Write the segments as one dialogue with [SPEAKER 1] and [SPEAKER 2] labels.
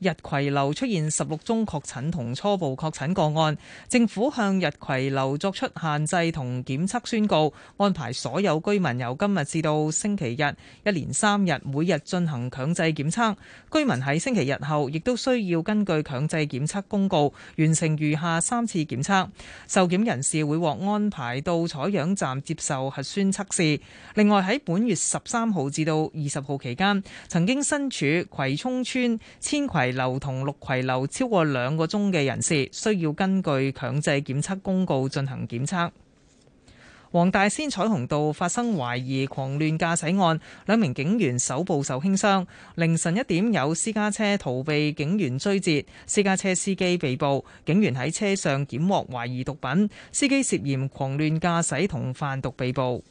[SPEAKER 1] 日葵樓出現十六宗確診同初步確診個案，政府向日葵樓作出限制同檢測宣告，安排所有居民由今日至到星期日一連三日每日進行強制檢測。居民喺星期日後亦都需要根據強制檢測公告完成餘下三次檢測。受檢人士會獲安排到採樣站接受核酸測試。另外喺本月十三號至到二十號期間，曾經身處葵涌村千葵樓同綠葵樓超過兩個鐘嘅人士，需要根據強制檢測公告進行檢測。黃大仙彩虹道發生懷疑狂亂駕駛案，兩名警員手部受輕傷。凌晨一點有私家車逃避警員追截，私家車司機被捕，警員喺車上檢獲懷疑毒品，司機涉嫌狂亂駕駛同販毒被捕。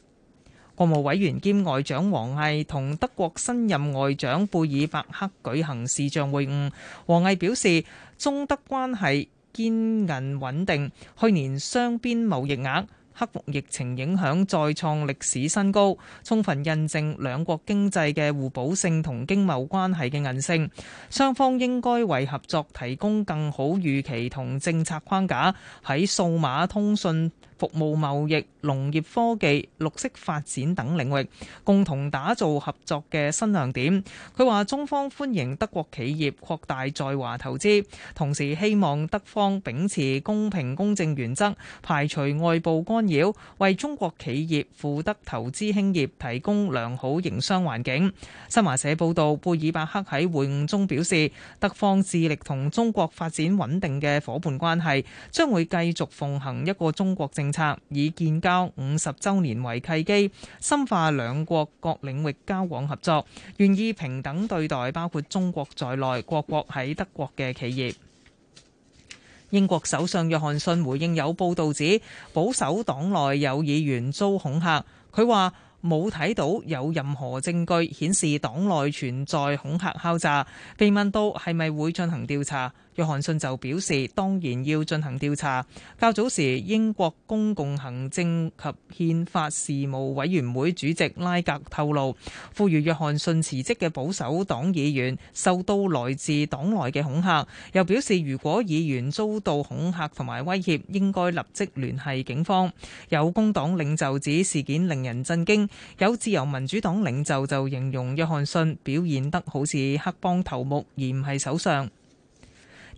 [SPEAKER 1] 國務委員兼外長王毅同德國新任外長貝爾伯克舉行視像會晤。王毅表示，中德關係堅韌穩定，去年雙邊貿易額克服疫情影響再創歷史新高，充分印證兩國經濟嘅互補性同經貿關係嘅韌性。雙方應該為合作提供更好預期同政策框架，喺數碼通訊、服務貿易、農業科技、綠色發展等領域，共同打造合作嘅新亮點。佢話中方歡迎德國企業擴大在華投資，同時希望德方秉持公平公正原則，排除外部干擾，為中國企業赴德投資興業提供良好營商環境。新華社報道，貝爾伯克喺會晤中表示，德方致力同中國發展穩定嘅伙伴關係，將會繼續奉行一個中國政策，以建交五十周年為契機，深化兩國各領域交往合作，願意平等對待包括中國在內各國喺德國嘅企業。 英國首相約翰遜回應有報道指保守黨內有議員遭恐嚇，佢話冇睇到有任何證據顯示黨內存在恐嚇敲詐。被問到係咪會進行調查？約翰遜就表示，當然要進行調查。較早時，英國公共行政及憲法事務委員會主席拉格透露，呼籲約翰遜辭職嘅保守黨議員受到來自黨內嘅恐嚇，又表示如果議員遭到恐嚇同埋威脅，應該立即聯繫警方。有工黨領袖指事件令人震驚，有自由民主黨領袖就形容約翰遜表現得好似黑幫頭目，而唔係首相。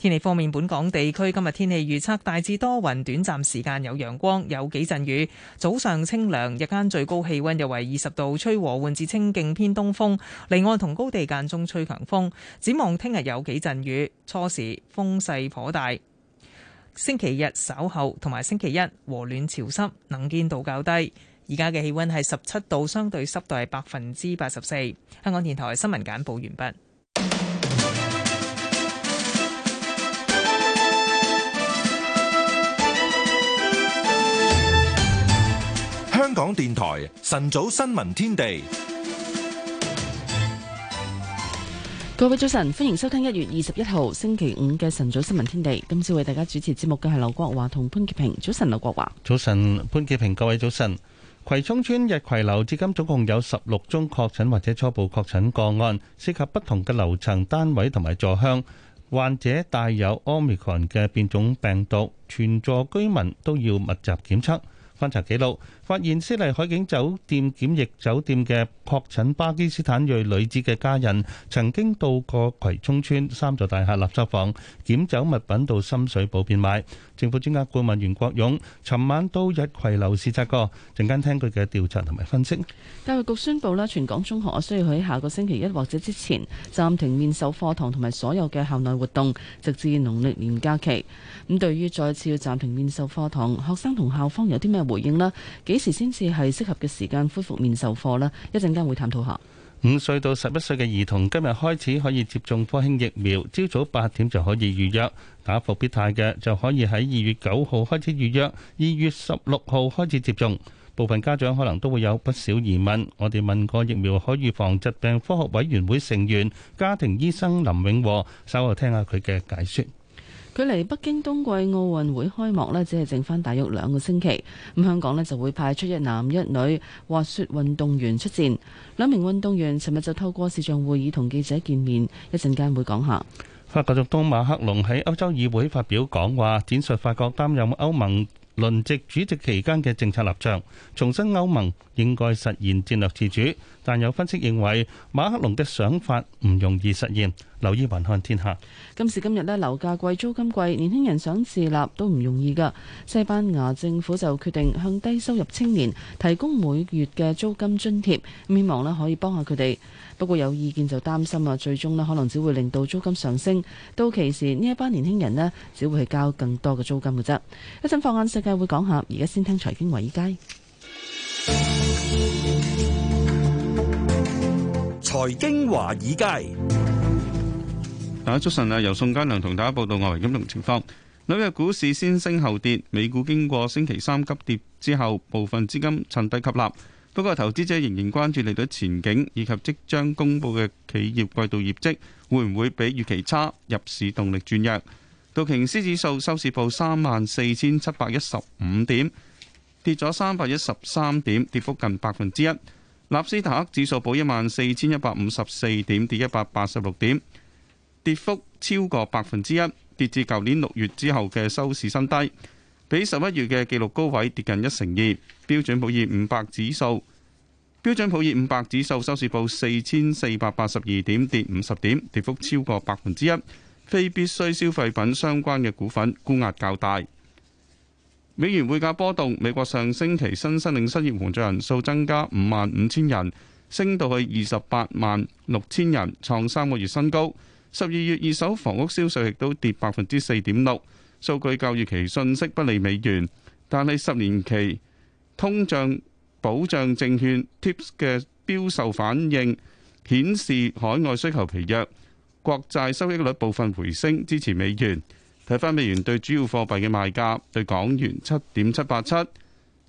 [SPEAKER 1] 天氣方面，本港地區今日天氣預測大致多雲，短暫時間有陽光，有幾陣雨。早上清涼，日間最高氣溫約為二十度，吹和緩至清勁偏東風。離岸同高地間中吹強風。展望聽日有幾陣雨，初時風勢頗大。星期日稍後同埋星期一和暖潮濕，能見度較低。而家嘅氣溫係十七度，相對濕度係百分之八十四。香港電台新聞簡報完畢。
[SPEAKER 2] 香港電台晨早新聞天地，
[SPEAKER 3] 各位早晨，歡迎收聽一月二十一號星期五嘅晨早新聞天地。今朝為大家主持節目嘅係劉國華同潘潔平。早晨，劉國華。
[SPEAKER 4] 早晨，潘潔平。各位早晨。葵涌村日葵樓至今總共有十六宗確診或者初步確診個案，涉及不同嘅樓層、單位同埋座向。患者帶有 omicron 嘅變種病毒，全座居民都要密集檢測、翻查記錄。發現思麗海景酒店檢疫酒店嘅確診巴基斯坦裔女子嘅家人，曾經到過葵涌村三座大廈垃圾房撿走物品到深水埗變賣。政府專家顧問袁國勇尋晚都入葵留視察過，陣間聽佢嘅調查同埋分析。
[SPEAKER 3] 教育局宣布啦，全港中學啊，需要喺下個星期一或者之前暫停面授課堂同埋所有嘅校內活動，直至農曆年假期。咁對於再次要暫停面授課堂，學生同校方有啲咩回應呢？幾？時先至係適合嘅時間恢復面授課啦，一陣間會探討下。
[SPEAKER 4] 五歲到十一歲嘅兒童今日開始可以接種科興疫苗，朝早八點就可以預約。打復必泰，嘅就可以喺二月九號開始預約，二月十六號開始接種。部分家長可能都會有不少疑問，我哋問過疫苗可預防疾病科學委員會成員、家庭醫生林永和，稍後聽下佢嘅解說。
[SPEAKER 3] 距離北京冬季奧運會開幕呢，只係剩翻大約兩個星期。咁香港呢，就會派出一男一女滑雪運動員出戰。兩名運動員尋日就透過視像會議同記者見面，會會一陣間會講下。
[SPEAKER 4] 法國總統馬克龍喺歐洲議會發表講話，展述法國擔任歐盟輪值主席期間嘅政策立場，重申歐盟應該實現戰略自主。但有分析認為，馬克龍的想法唔容易實現。留意民看天下。
[SPEAKER 3] 今時今日呢，樓價貴、租金貴，年輕人想自立都唔容易㗎。西班牙政府就決定向低收入青年提供每月嘅租金津貼，希望呢可以幫下佢哋。不過有意見就擔心啊，最終呢可能只會令到租金上升，到期時呢一班年輕人呢只會係交更多嘅租金嘅啫。一陣放眼世界會講下，而家先聽財經維佳。
[SPEAKER 5] 財經華爾街，
[SPEAKER 6] 大家早晨啊！由宋嘉良同大家報道外圍金融情況。紐約股市先升後跌，美股經過星期三急跌之後，部分資金趁低吸納。不過投資者仍然關注利率前景以及即將公布嘅企業季度業績會唔會比預期差，入市動力轉弱。道瓊斯指數收市報三萬四千七百一十五點，跌咗三百一十三點，跌幅近百分之一。納斯達克指數報一萬四千一百五十四點，跌一百八十六點，跌幅超過百分之一，跌至舊年六月之後嘅收市新低，比十一月嘅紀錄高位跌近一成二。標準普爾五百指數，標準普爾五百指數收市報四千四百八十二點，跌五十點，跌幅超過百分之一。非必需消費品相關嘅股份沽壓較大。美元匯價波動，美國上星期新申領失業援助人數增加五萬五千人，升到去二十八萬六千人，創三個月新高。十二月二手房屋銷售亦都跌百分之四點六，數據較預期，信息不利美元。但係十年期通脹保障證券 TIPS 嘅標售反應顯示海外需求疲弱，國債收益率部分回升，支持美元。睇翻美元對主要貨幣嘅賣價，對港元七點七八七，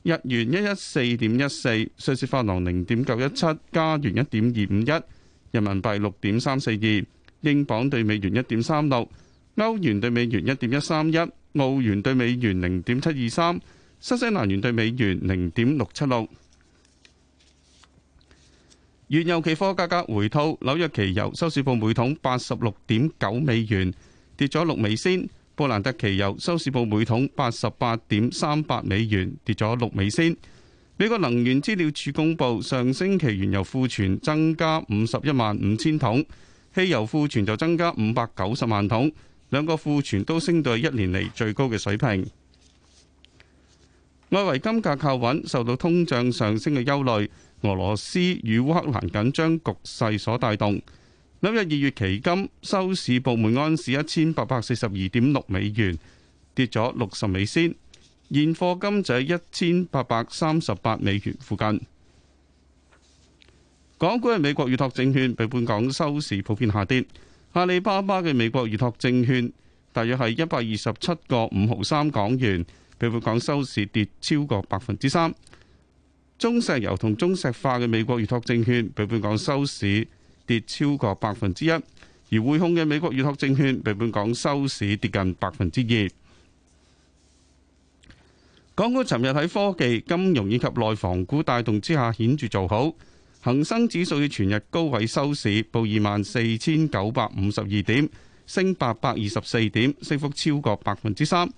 [SPEAKER 6] 日元一一四點一四，瑞士法郎零點九一七，加元一點二五一，人民幣六點三四二，英鎊對美元一點三六，歐元對美元一點一三一，澳元對美元零點七二三，新西蘭元對美元零點六七六。原油期貨價格回吐，紐約期油收市報每桶八十六點九美元，跌咗六美仙。布蘭特期油收市報每桶八十八點三八美元，跌咗六美仙。美國能源資料處公布，上星期原油庫存增加五十一萬五千桶，汽油庫存就增加五百九十萬桶，兩個庫存都升到一年嚟最高嘅水平。外圍金價靠穩，受到通脹上升嘅憂慮、俄羅斯與烏克蘭緊張局勢所帶動。今日二月期金收市部門安市一千八百四十二點六美元，跌咗六十美仙。現貨金就喺一千八百三十八美元附近。港股嘅美國預託證券被本港收市普遍下跌。阿里巴巴嘅美國預託證券大約係一百二十七個五毫三港元，被本港收市跌超過百分之三。中石油同中石化嘅美國預託證券被本港收市，超過百分之一，而匯控嘅美國預託證券被本港收市跌近百分之二。港股尋日喺科技、金融以及內房股帶動之下顯著做好，恒生指數喺全日高位收市報二萬四千九百五十二點，升八百二十四點，升幅超過百分之三。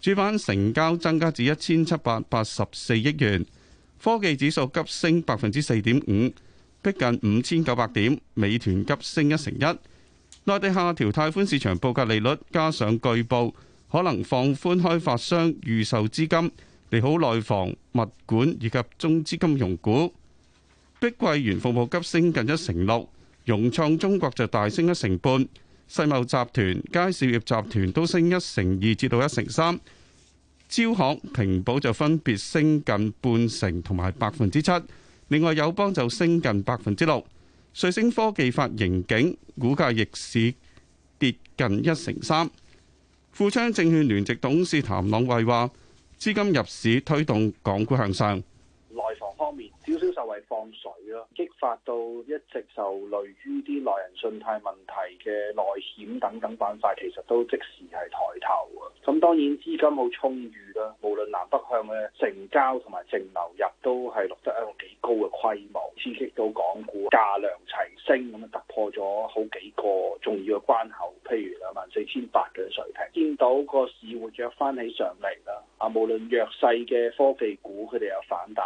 [SPEAKER 6] 主板成交增加至一千七百八十四億元，科技指數急升百分之四點五。逼近五千九百點，美團急升一成一。內地下調貸款市場報價利率，加上據報可能放寬開發商預售資金，利好內房、物管以及中資金融股。碧桂園服務急升近一成六，融創中國就大升一成半，世茂集團、佳兆業集團都升一成二至到一成三，招行、平保就分別升近半成同埋百分之七。另外，友邦就升近百分之六，瑞星科技發盈警，股價逆市跌近一成三。富昌證券聯席董事譚朗慧話，資金入市推動港股向上。
[SPEAKER 5] 少少受惠放水咯，激發到一直受累於啲內人信貸問題嘅內險等等板塊，其實都即時係抬頭啊！咁當然資金好充裕啦，無論南北向嘅成交同埋淨流入都係錄得一個幾高嘅規模，刺激到港股價量齊升，咁啊突破咗好幾個重要嘅關口，譬如兩萬四千八嘅水平，見到個市活躍翻起上嚟啦！啊，無論弱勢嘅科技股，佢哋有反彈。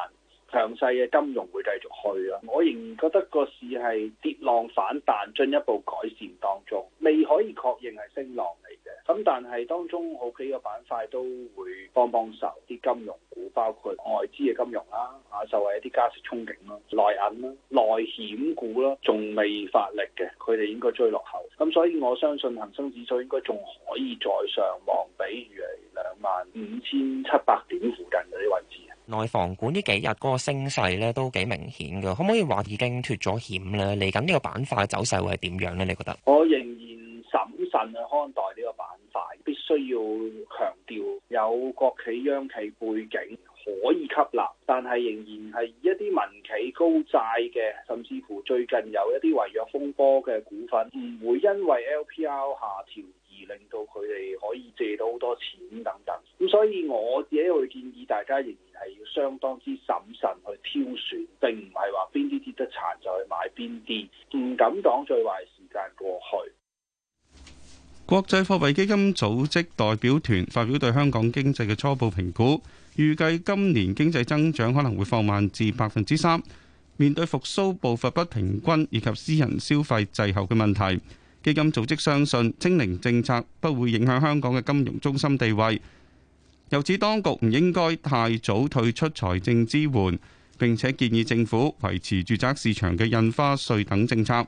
[SPEAKER 5] 強勢嘅金融會繼續去啊！我仍然覺得個市係跌浪反彈，進一步改善當中，未可以確認係升浪嚟嘅。咁但係當中好幾個板塊都會幫幫手，啲金融股包括外資嘅金融啦，啊就係一啲加息憧憬咯、啊，內銀啦、啊、內險股啦，仲未發力嘅，佢哋應該追落後。咁所以我相信恒生指數應該仲可以再上望，比例如兩萬五千七百點附近嗰啲位置。
[SPEAKER 7] 內房股呢幾日嗰個升勢咧都幾明顯嘅，可唔可以話已經脫咗險咧？嚟緊呢個板塊嘅走勢會係點樣咧？你覺得？
[SPEAKER 5] 我仍然審慎去看待呢個板塊，必須要強調有國企央企背景可以吸納，但係仍然係一啲民企高債嘅，甚至乎最近有一啲違約風波嘅股份，唔會因為 LPR 下調。令到佢哋可以借到好多錢等等，咁所以我自己會建議大家仍然係要相當之審慎去挑選，並唔係話邊啲跌得慘就去買邊啲，唔敢講最壞時間過去。
[SPEAKER 6] 國際貨幣基金組織代表團發表對香港經濟嘅初步評估，預計今年經濟增長可能會放慢至百分之三。面對復甦步伐不平均以及私人消費滯後嘅問題。基金組織相信清零政策不會影響香港嘅金融中心地位，又指當局唔應該太早退出財政支援，並且建議政府維持住宅市場嘅印花稅等政策。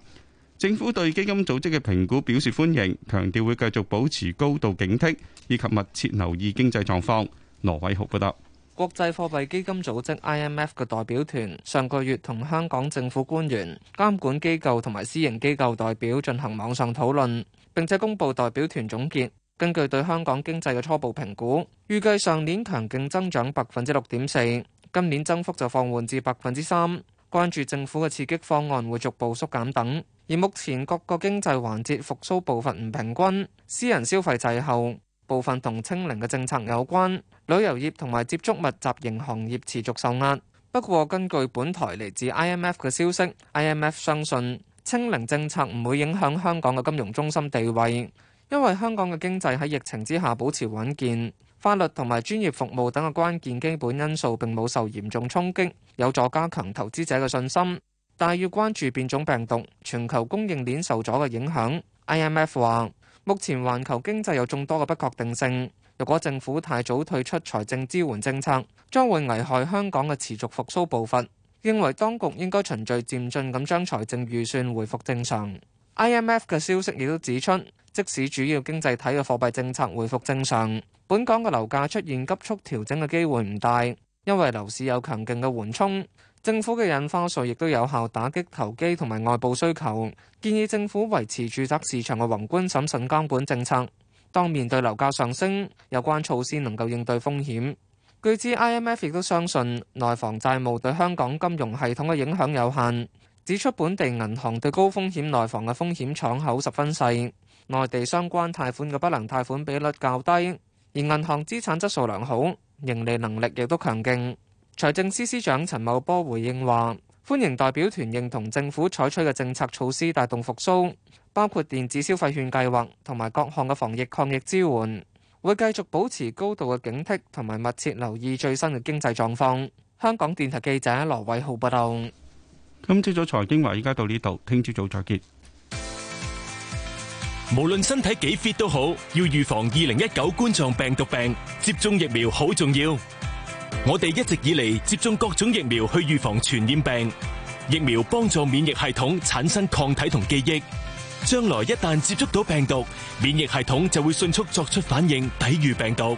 [SPEAKER 6] 政府對基金組織嘅評估表示歡迎，強調會繼續保持高度警惕，以及密切留意經濟狀況。羅偉豪報道。
[SPEAKER 7] 國際貨幣基金組織 （IMF） 嘅代表團上個月同香港政府官員、監管機構同埋私營機構代表進行網上討論，並且公布代表團總結。根據對香港經濟嘅初步評估，預計上年強勁增長百分之六點四，今年增幅就放緩至百分之三。關注政府嘅刺激方案會逐步縮減等，而目前各個經濟環節復甦步伐唔平均，私人消費滯後。部分同清零嘅政策有關，旅遊業同埋接觸密集型行業持續受壓。不過根據本台嚟自 IMF 嘅消息，IMF 相信清零政策唔會影響香港嘅金融中心地位，因為香港嘅經濟喺疫情之下保持穩健，法律同埋專業服務等嘅關鍵基本因素並冇受嚴重衝擊有助加強投資者嘅信心。但係要關注變種病毒、全球供應鏈受阻嘅影響 IMF 話。IM F 目前環球經濟有眾多嘅不確定性，若果政府太早退出財政支援政策，將會危害香港嘅持續復甦步伐。認為當局應該循序漸進咁將財政預算回復正常。IMF 嘅消息亦都指出，即使主要經濟體嘅貨幣政策回復正常，本港嘅樓價出現急速調整嘅機會唔大，因為樓市有強勁嘅緩衝。政府嘅印花稅亦都有效打擊投機同埋外部需求，建議政府維持住宅市場嘅宏觀審慎監管政策。當面對樓價上升，有關措施能夠應對風險，據知 IMF 亦都相信內房債務對香港金融系統嘅影響有限，指出本地銀行對高風險內房嘅風險敞口十分細，內地相關貸款嘅不良貸款比率較低，而銀行資產質素良好，盈利能力亦都強勁。財政司司長陳茂波回應話：歡迎代表團認同政府採取嘅政策措施帶動復甦，包括電子消費券計劃同埋各項嘅防疫抗疫支援，會繼續保持高度嘅警惕同埋密切留意最新嘅經濟狀況。香港電台記者羅偉浩報道。今
[SPEAKER 6] 朝早財經話：依家到呢度，聽朝早再見。無論
[SPEAKER 7] 身
[SPEAKER 2] 體幾 fit 都好，要預防二零一九冠狀病毒病，接種疫苗好重要。我哋一直以嚟接種各種疫苗去預防傳染病，疫苗幫助免疫系統產生抗體同記憶。將來一旦接觸到病毒，免疫系統就會迅速作出反應，抵御病毒。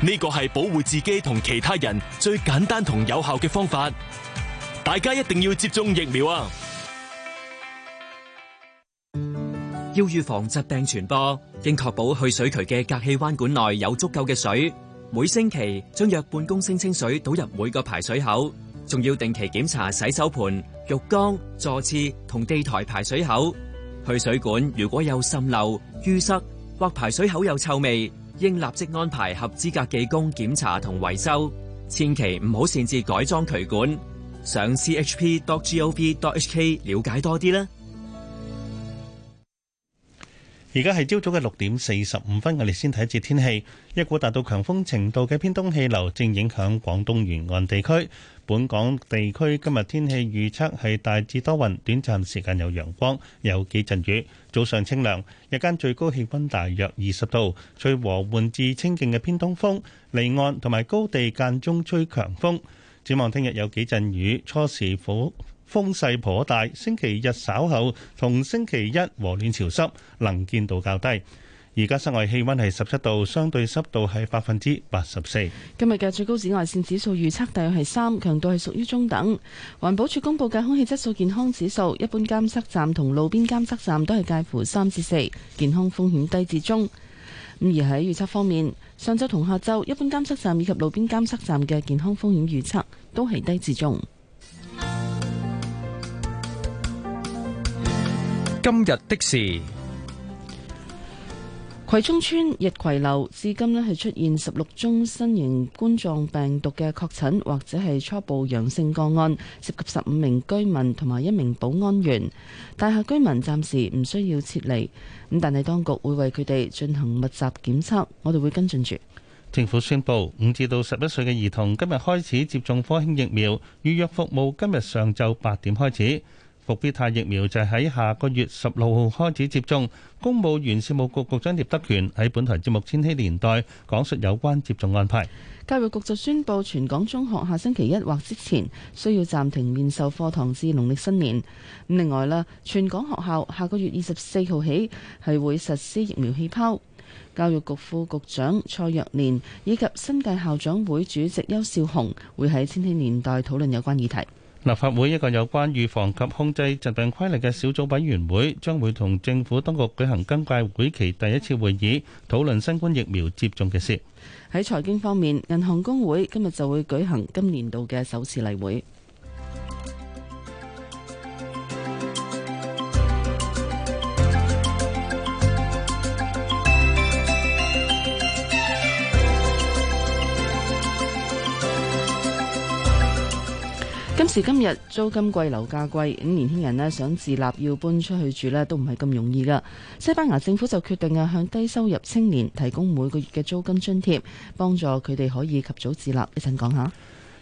[SPEAKER 2] 呢個係保護自己同其他人最簡單同有效嘅方法。大家一定要接種疫
[SPEAKER 8] 苗啊！要預防疾病傳播，應確保去水渠嘅隔氣彎管內有足夠嘅水。每星期將約半公升清水倒入每個排水口，仲要定期檢查洗手盆、浴缸、坐廁同地台排水口。去水管如果有滲漏、淤塞或排水口有臭味，應立即安排合資格技工檢查同維修。千祈唔好擅自改裝渠管。上 chp.gov.hk 了解多啲啦。而家係
[SPEAKER 4] 朝早嘅六點四十五分，我哋先睇一節天氣。一股達到強風程度嘅偏東氣流正影響廣東沿岸地區。本港地區今日天氣預測係大致多雲，短暫時間有陽光，有幾陣雨。早上清涼，日間最高氣温大約二十度，吹和緩至清勁嘅偏東風，離岸同埋高地間中吹強風。展望聽日有幾陣雨，初時火。風勢頗大，星期日稍後同星期一和暖潮濕，能見度較低。而家室外氣溫係十七度，相對濕度係百分之八十四。
[SPEAKER 3] 今日嘅最高紫外綫指數預測大約係三，強度係屬於中等。環保署公布嘅空氣質素健康指數，一般監測站同路邊監測站都係介乎三至四，健康風險低至中。咁而喺預測方面，上周同下周一般監測站以及路邊監測站嘅健康風險預測都係低至中。今日的事，葵涌村逸葵樓至今呢，係出現十六宗新型冠狀病毒嘅確診或者係初步陽性個案，涉及十五名居民同埋一名保安員。大廈居民暫時唔需要撤離，咁但係當局會為佢哋進行密集檢測。我哋會跟進住。
[SPEAKER 4] 政府宣布，五至到十一歲嘅兒童今日開始接種科興疫苗，預約服務今日上晝八點開始。伏必泰疫苗就喺下個月十六號開始接種。公務員事務局局長聶德權喺本台節目《千禧年代》講述有關接種安排。
[SPEAKER 3] 教育局就宣布全港中學下星期一或之前需要暫停面授課堂至農曆新年。咁另外啦，全港學校下個月二十四號起係會實施疫苗氣泡。教育局副局長蔡若蓮以及新界校長會主席邱少雄會喺《千禧年代》討論有關議題。
[SPEAKER 4] 立法會一個有關預防及控制疾病規例嘅小組委員會，將會同政府當局舉行今屆會期第一次會議，討論新冠疫苗接種嘅事。
[SPEAKER 3] 喺財經方面，銀行公會今日就會舉行今年度嘅首次例會。今時今日租金貴，樓價貴，咁年輕人咧想自立，要搬出去住咧都唔係咁容易噶。西班牙政府就決定啊，向低收入青年提供每個月嘅租金津貼，幫助佢哋可以及早自立。一陣講下。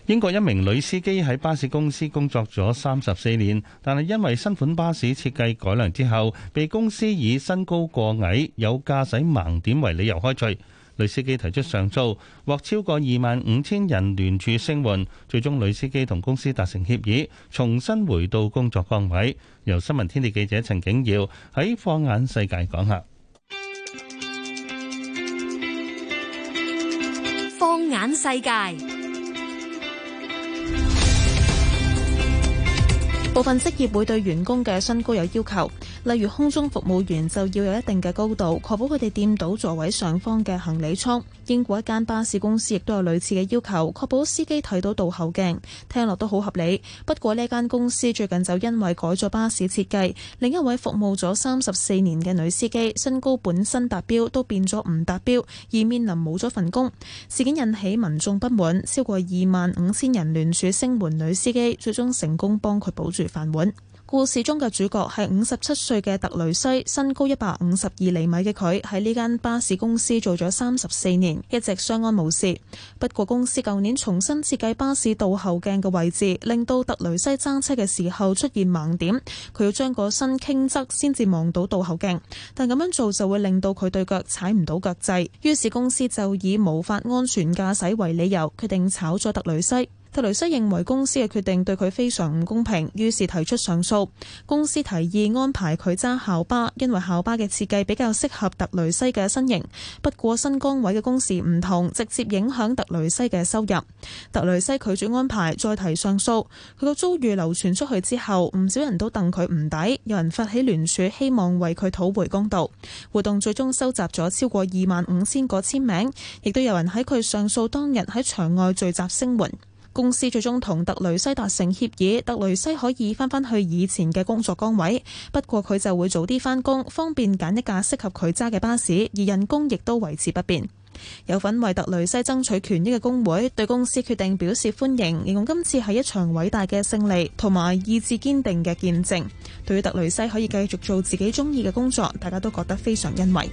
[SPEAKER 4] 英國一名女司機喺巴士公司工作咗三十四年，但係因為新款巴士設計改良之後，被公司以身高過矮、有駕駛盲點為理由開除。女司機提出上訴，獲超過二萬五千人聯署聲援，最終女司機同公司達成協議，重新回到工作崗位。由新聞天地記者陳景耀喺放眼世界講下。
[SPEAKER 9] 放眼世界。部分職
[SPEAKER 10] 業會對員工嘅身高有要求，例如空中服務員就要有一定嘅高度，確保佢哋掂到座位上方嘅行李倉。英國一間巴士公司亦都有類似嘅要求，確保司機睇到倒後鏡，聽落都好合理。不過呢間公司最近就因為改咗巴士設計，另一位服務咗三十四年嘅女司機身高本身達標都變咗唔達標，而面臨冇咗份工。事件引起民眾不滿，超過二萬五千人聯署聲援女司機，最終成功幫佢保住飯碗。故事中嘅主角係五十七歲嘅特雷西，身高一百五十二厘米嘅佢喺呢間巴士公司做咗三十四年，一直相安無事。不過公司舊年重新設計巴士倒後鏡嘅位置，令到特雷西揸車嘅時候出現盲點，佢要將個身傾側先至望到倒後鏡，但咁樣做就會令到佢對腳踩唔到腳掣，於是公司就以無法安全駕駛為理由，決定炒咗特雷西。特雷西認為公司嘅決定對佢非常唔公平，於是提出上訴。公司提議安排佢揸校巴，因為校巴嘅設計比較適合特雷西嘅身形。不過新崗位嘅工時唔同，直接影響特雷西嘅收入。特雷西拒絕安排，再提上訴。佢嘅遭遇流傳出去之後，唔少人都戥佢唔抵。有人發起聯署，希望為佢討回公道。活動最終收集咗超過二萬五千個簽名，亦都有人喺佢上訴當日喺場外聚集聲援。公司最終同特雷西達成協議，特雷西可以翻返去以前嘅工作崗位，不過佢就會早啲返工，方便揀一架適合佢揸嘅巴士，而人工亦都維持不變。有份為特雷西爭取權益嘅工會對公司決定表示歡迎，形容今次係一場偉大嘅勝利同埋意志堅定嘅見證，對於特雷西可以繼續做自己中意嘅工作，大家都覺得非常欣慰。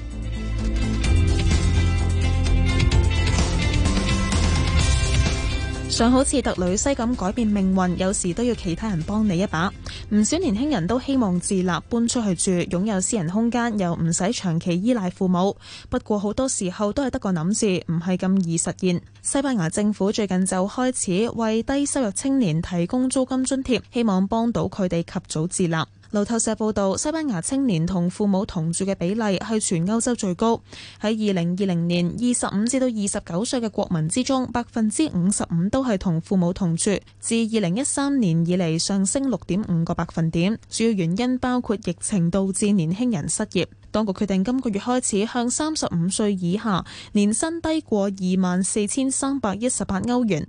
[SPEAKER 10] 想好似特里西咁改變命運，有時都要其他人幫你一把。唔少年輕人都希望自立，搬出去住，擁有私人空間，又唔使長期依賴父母。不過好多時候都係得個諗字，唔係咁易實現。西班牙政府最近就開始為低收入青年提供租金津貼，希望幫到佢哋及早自立。路透社報導，西班牙青年同父母同住嘅比例係全歐洲最高。喺二零二零年，二十五至到二十九歲嘅國民之中，百分之五十五都係同父母同住，自二零一三年以嚟上升六點五個百分點。主要原因包括疫情導致年輕人失業。當局決定今個月開始向三十五歲以下、年薪低過二萬四千三百一十八歐元，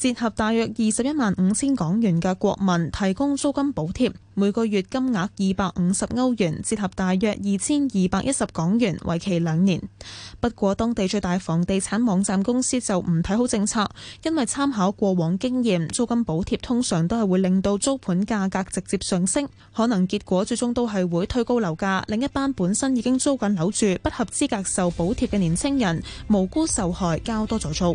[SPEAKER 10] 折合大約二十一萬五千港元嘅國民提供租金補貼，每個月金額二百五十歐元，折合大約二千二百一十港元，為期兩年。不過，當地最大房地產網站公司就唔睇好政策，因為參考過往經驗，租金補貼通常都係會令到租盤價格直接上升，可能結果最終都係會推高樓價，另一班本身已經租緊樓住、不合資格受補貼嘅年輕人，無辜受害，交多咗租。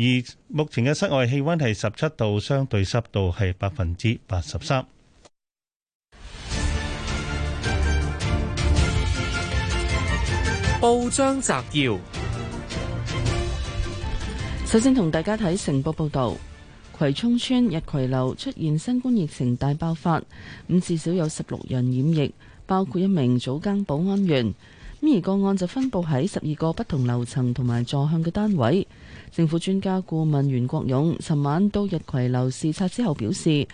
[SPEAKER 4] 而目前嘅室外氣溫係十七度，相對濕度係百分之八十三。
[SPEAKER 7] 報章摘
[SPEAKER 11] 要，
[SPEAKER 3] 首先同大家睇成報報道葵涌村日葵樓出現新冠疫情大爆發，咁至少有十六人染疫，包括一名早更保安員，咁而個案就分布喺十二個不同樓層同埋坐向嘅單位。政府專家顧問袁國勇尋晚到逸葵樓視察之後表示，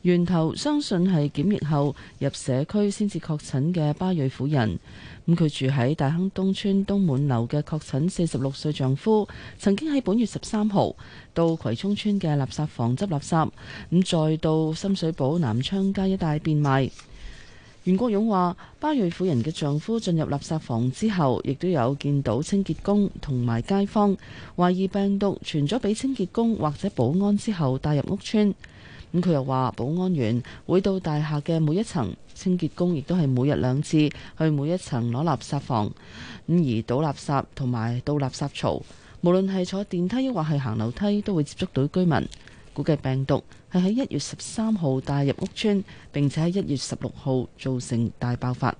[SPEAKER 3] 源頭相信係檢疫後入社區先至確診嘅巴裔婦人。咁佢住喺大坑東村東滿樓嘅確診四十六歲丈夫，曾經喺本月十三號到葵涌村嘅垃圾房執垃圾，咁再到深水埗南昌街一帶變賣。袁國勇話：巴瑞婦人嘅丈夫進入垃圾房之後，亦都有見到清潔工同埋街坊，懷疑病毒傳咗俾清潔工或者保安之後帶入屋邨。咁、嗯、佢又話：保安員會到大廈嘅每一層，清潔工亦都係每日兩次去每一層攞垃圾房，咁而倒垃圾同埋倒垃圾槽，無論係坐電梯或係行樓梯，都會接觸到居民。估計病毒係喺一月十三號帶入屋邨，並且喺一月十六號造成大爆發。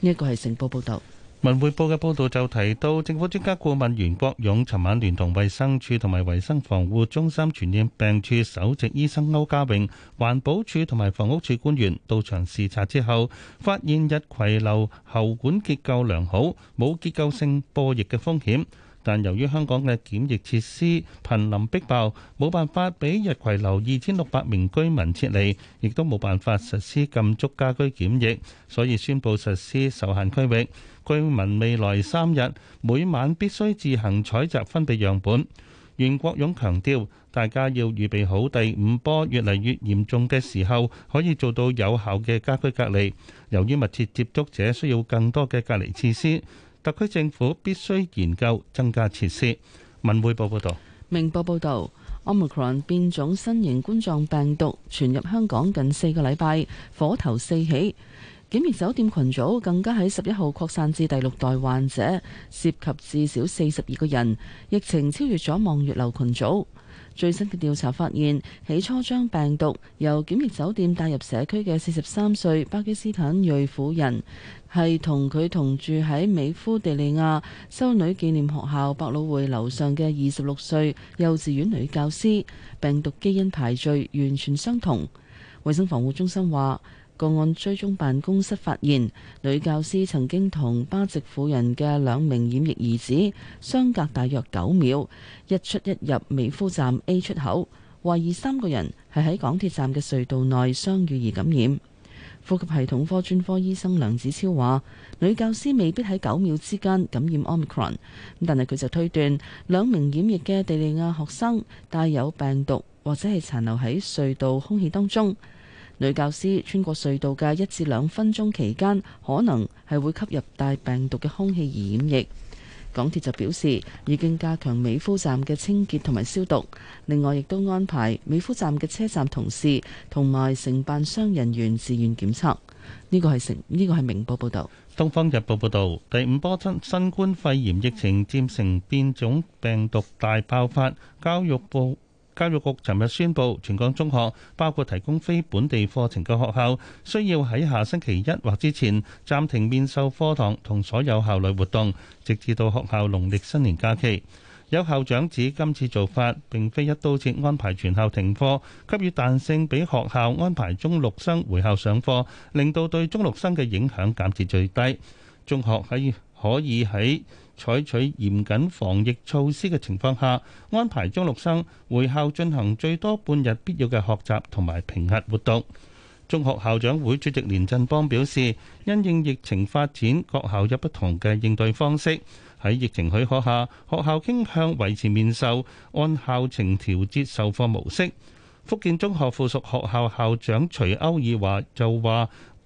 [SPEAKER 3] 呢一個係成報報道。
[SPEAKER 4] 文匯報嘅報道就提到，政府專家顧問袁國勇尋晚聯同衛生署同埋衛生防護中心傳染病處首席醫生歐家榮、環保署同埋房屋署官員到場視察之後，發現日葵樓喉管結構良好，冇結構性播疫嘅風險。但由於香港嘅檢疫設施瀕臨逼爆，冇辦法畀逸葵樓2,600名居民撤離，亦都冇辦法實施禁足家居檢疫，所以宣布實施受限區域。居民未來三日每晚必須自行採集分泌樣本。袁國勇強調，大家要預備好第五波越嚟越嚴重嘅時候，可以做到有效嘅家居隔離。由於密切接觸者需要更多嘅隔離設施。特區政府必須研究增加設施。文匯報報導，
[SPEAKER 3] 明報報導，Omicron 變種新型冠狀病毒傳入香港近四個禮拜，火頭四起。檢疫酒店群組更加喺十一號擴散至第六代患者，涉及至少四十二個人。疫情超越咗望月樓群組。最新嘅調查發現，起初將病毒由檢疫酒店帶入社區嘅四十三歲巴基斯坦裔婦人。係同佢同住喺美孚地利亞修女紀念學校百老匯樓上嘅二十六歲幼稚園女教師，病毒基因排序完全相同。衛生防護中心話，個案追蹤辦公室發現女教師曾經同巴籍婦人嘅兩名染疫兒子相隔大約九秒，一出一入美孚站 A 出口，懷疑三個人係喺港鐵站嘅隧道內相遇而感染。呼吸系統科專科醫生梁子超話：女教師未必喺九秒之間感染 Omicron，但係佢就推斷兩名染疫嘅地利亞學生帶有病毒或者係殘留喺隧道空氣當中，女教師穿過隧道嘅一至兩分鐘期間，可能係會吸入帶病毒嘅空氣而染疫。港鐵就表示，已經加強美孚站嘅清潔同埋消毒，另外亦都安排美孚站嘅車站同事同埋承辦商人員自願檢測。呢個係成，呢個係明報報導，《
[SPEAKER 4] 東方日報》報導第五波新新冠肺炎疫情漸成變種病毒大爆發，教育部。教育局尋日宣布，全港中學包括提供非本地課程嘅學校，需要喺下星期一或之前暫停面授課堂同所有校內活動，直至到學校農曆新年假期。有校長指今次做法並非一刀切安排，全校停課，給予彈性俾學校安排中六生回校上課，令到對中六生嘅影響減至最低。中學可以可以喺採取嚴謹防疫措施嘅情況下，安排中六生回校進行最多半日必要嘅學習同埋評核活動。中學校長會主席連振邦表示，因應疫情發展，各校有不同嘅應對方式。喺疫情許可下，學校傾向維持面授，按校程調節授課模式。福建中學附屬學校校長徐歐爾華就話。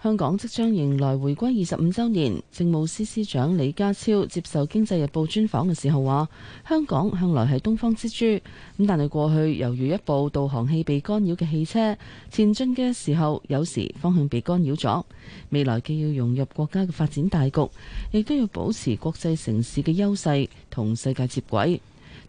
[SPEAKER 3] 香港即將迎來回歸二十五周年，政務司司長李家超接受《經濟日報》專訪嘅時候話，香港向來係東方之珠，咁但係過去猶如一部導航器被干擾嘅汽車前進嘅時候有時方向被干擾咗。未來既要融入國家嘅發展大局，亦都要保持國際城市嘅優勢同世界接軌。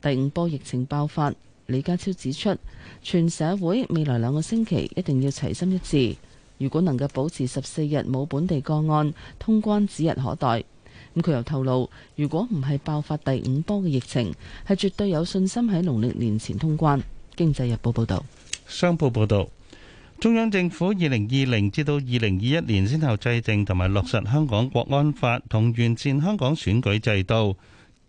[SPEAKER 3] 第五波疫情爆發，李家超指出，全社會未來兩個星期一定要齊心一致。如果能夠保持十四日冇本地個案，通關指日可待。咁佢又透露，如果唔係爆發第五波嘅疫情，係絕對有信心喺農曆年前通關。經濟日報報道。
[SPEAKER 4] 商報報道，中央政府二零二零至到二零二一年先後制定同埋落實香港國安法同完善香港選舉制度。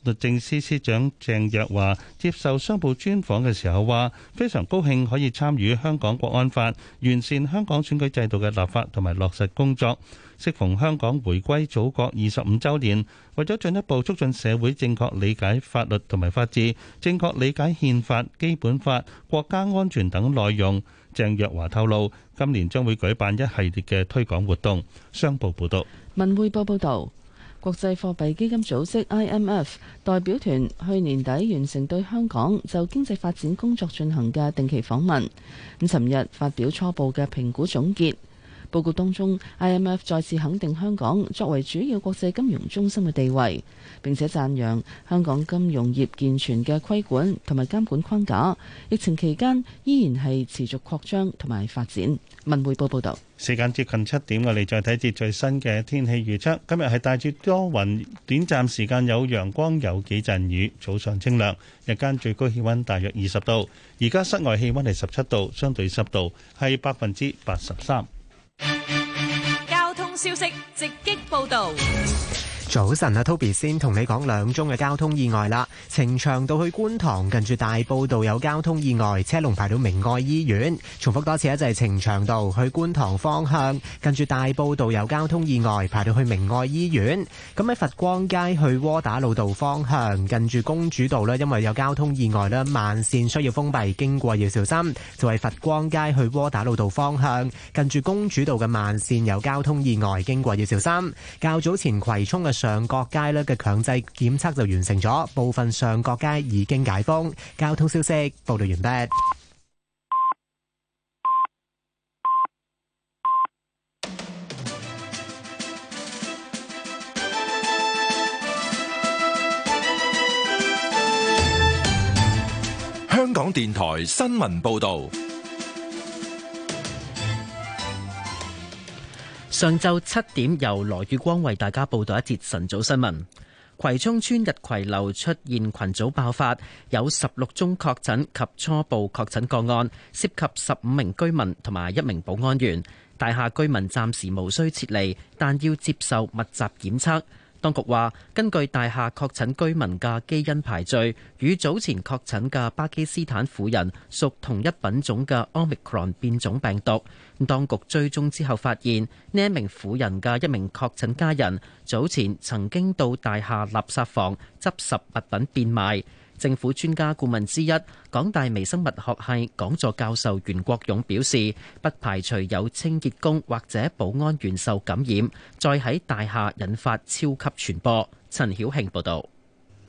[SPEAKER 4] 律政司司長鄭若驊接受商報專訪嘅時候話，非常高興可以參與香港國安法、完善香港選舉制度嘅立法同埋落實工作。適逢香港回歸祖國二十五周年，為咗進一步促進社會正確理解法律同埋法治，正確理解憲法、基本法、國家安全等內容，鄭若驊透露，今年將會舉辦一系列嘅推廣活動。商報報道，
[SPEAKER 3] 文匯報報道。國際貨幣基金組織 IMF 代表團去年底完成對香港就經濟發展工作進行嘅定期訪問，咁尋日發表初步嘅評估總結報告，當中 IMF 再次肯定香港作為主要國際金融中心嘅地位，並且讚揚香港金融業健全嘅規管同埋監管框架，疫情期間依然係持續擴張同埋發展。文匯報報道。
[SPEAKER 4] 時間接近七點，我哋再睇一睇最新嘅天氣預測。今日係帶住多雲，短暫時間有陽光，有幾陣雨。早上清涼，日間最高氣温大約二十度。而家室外氣温係十七度，相對濕度係百分之八十三。
[SPEAKER 9] 交通消息直擊報導。
[SPEAKER 12] 早晨啊，Toby 先同你講兩宗嘅交通意外啦。呈祥道去觀塘，近住大埔道有交通意外，車龍排到明愛醫院。重複多次啊，就係呈祥道去觀塘方向，近住大埔道有交通意外，排到去明愛醫院。咁喺佛光街去窩打老道方向，近住公主道咧，因為有交通意外咧，慢線需要封閉，經過要小心。就係佛光街去窩打老道方向，近住公主道嘅慢線有交通意外，經過要小心。較早前葵涌嘅。上角街率嘅強制檢測就完成咗，部分上角街已經解封。交通消息報導完畢。
[SPEAKER 2] 香港電台新聞報導。
[SPEAKER 13] 上晝七點，由羅月光為大家報道一節晨早新聞。葵涌村日葵樓出現群組爆發，有十六宗確診及初步確診個案，涉及十五名居民同埋一名保安員。大廈居民暫時無需撤離，但要接受密集檢測。當局話，根據大廈確診居民嘅基因排序，與早前確診嘅巴基斯坦婦人屬同一品種嘅 Omicron 變種病毒。當局追蹤之後，發現呢一名婦人嘅一名確診家人早前曾經到大廈垃圾房執拾物品變賣。政府專家顧問之一、港大微生物學系講座教授袁國勇表示，不排除有清潔工或者保安員受感染，再喺大廈引發超級傳播。陳曉慶報道。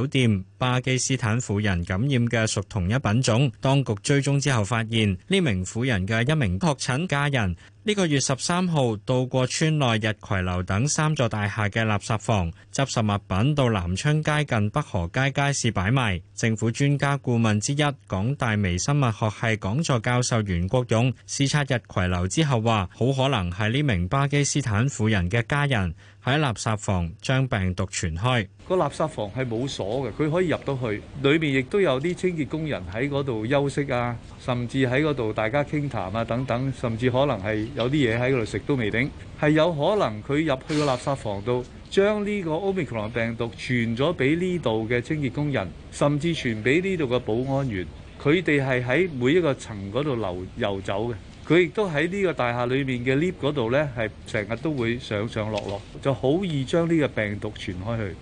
[SPEAKER 14] 酒店巴基斯坦婦人感染嘅屬同一品種，當局追蹤之後發現呢名婦人嘅一名確診家人呢個月十三號到過村內日葵樓等三座大廈嘅垃圾房執拾物品，到南昌街近北河街街市擺賣。政府專家顧問之一，港大微生物學系講座教授袁國勇視察日葵樓之後話，好可能係呢名巴基斯坦婦人嘅家人。喺垃圾房將病毒傳開，
[SPEAKER 15] 個垃圾房係冇鎖嘅，佢可以入到去。裏面亦都有啲清潔工人喺嗰度休息啊，甚至喺嗰度大家傾談，談啊等等，甚至可能係有啲嘢喺嗰度食都未定。係有可能佢入去個垃圾房度，將呢個 Omicron 病毒傳咗俾呢度嘅清潔工人，甚至傳俾呢度嘅保安員。佢哋係喺每一個層嗰度流遊走嘅。佢亦都喺呢個大廈裏面嘅 lift 嗰度咧，係成日都會上上落落，就好易將呢個病毒傳開去。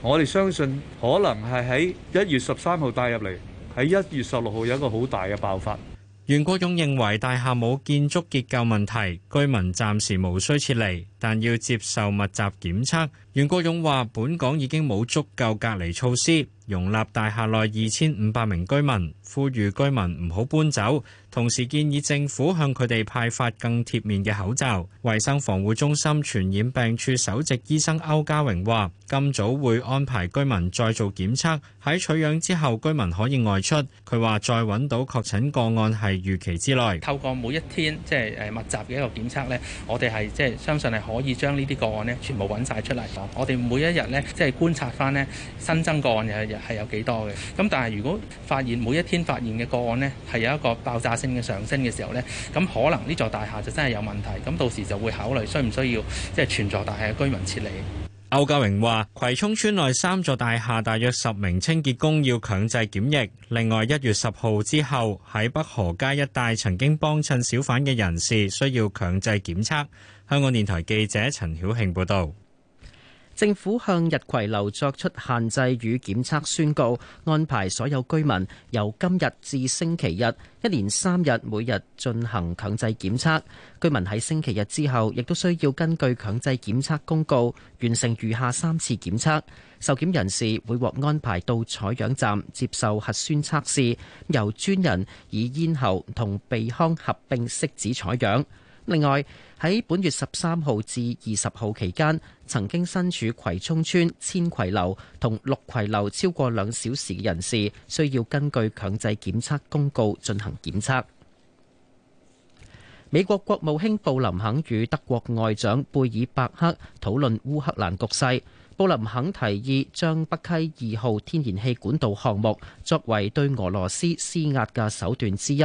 [SPEAKER 15] 我哋相信可能係，喺一月十三號帶入嚟，喺一月十六號有一個好大嘅爆發。袁國勇認
[SPEAKER 14] 為大廈冇建築結構問題，居民暫時無需撤離，但要接受密集檢測，袁國勇話本港已經冇足夠隔離措施，容納大廈內二千五百名居民，呼籲居民唔好搬走。同時建議政府向佢哋派發更貼面嘅口罩。衞生防護中心傳染病處首席醫生歐家榮話。今早會安排居民再做檢測，喺取樣之後，居民可以外出。佢話再揾到確診個案係預期之內。透過每一天即係誒密集嘅一個檢測呢，我哋係即係相信係可以將呢啲個案呢全部揾晒出嚟。我哋每一日呢，即係觀察翻呢新增個案係係有幾多嘅。咁但係如果發現每一天發現嘅個案呢係有一個爆炸性嘅上升嘅時候呢，咁可能呢座大廈就真係有問題。咁到時就會考慮需唔需要即係全座大廈嘅居民撤離。歐家榮話：葵涌村內三座大廈，大約十名清潔工要強制檢疫。另外，一月十號之後，喺北河街一帶曾經幫襯小販嘅人士，需要強制檢測。香港電台記者陳曉慶
[SPEAKER 13] 報道。政府向日葵樓作出限制與檢測宣告，安排所有居民由今日至星期日一連三日，每日進行強制檢測。居民喺星期日之後，亦都需要根據強制檢測公告完成餘下三次檢測。受檢人士會獲安排到採樣站接受核酸測試，由專人以咽喉同鼻腔合併拭子採樣，另外，喺本月十三號至二十號期間，曾經身處葵涌村千葵樓同六葵樓超過兩小時嘅人士，需要根據強制檢測公告進行檢測。美國國務卿布林肯與德國外長貝爾伯克討論烏克蘭局勢，布林肯提議將北溪二號天然氣管道項目作為對俄羅斯施壓嘅手段之一。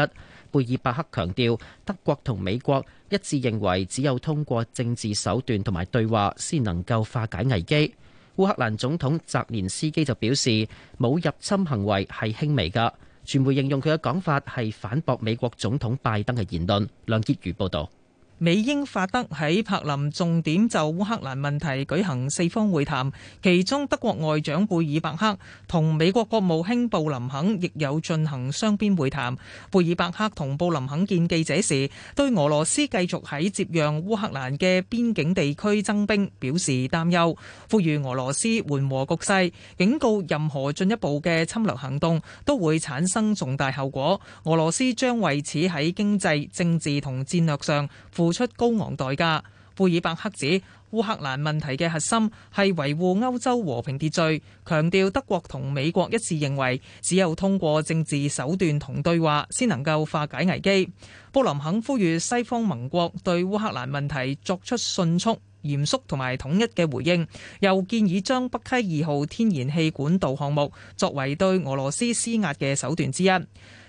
[SPEAKER 13] 貝爾伯克強調，德國同美國一致認為，只有通過政治手段同埋對話，先能夠化解危機。烏克蘭總統澤連斯基就表示，冇入侵行為係輕微㗎。傳媒形容佢嘅講法係反駁美國總統拜登嘅言論。梁潔如報道。
[SPEAKER 1] 美英法德喺柏林重點就烏克蘭問題舉行四方會談，其中德國外長貝爾伯克同美國國務卿布林肯亦有進行雙邊會談。貝爾伯克同布林肯見記者時，對俄羅斯繼續喺接壤烏克蘭嘅邊境地區增兵表示擔憂，呼籲俄羅斯緩和局勢，警告任何進一步嘅侵略行動都會產生重大後果。俄羅斯將為此喺經濟、政治同戰略上付出高昂代價。貝爾伯克指，烏克蘭問題嘅核心係維護歐洲和平秩序，強調德國同美國一致認為只有通過政治手段同對話先能夠化解危機，布林肯呼籲西方盟國對烏克蘭問題作出迅速、嚴肅同埋統一嘅回應，又建議將北溪二號天然氣管道項目作為對俄羅斯施壓嘅手段之一。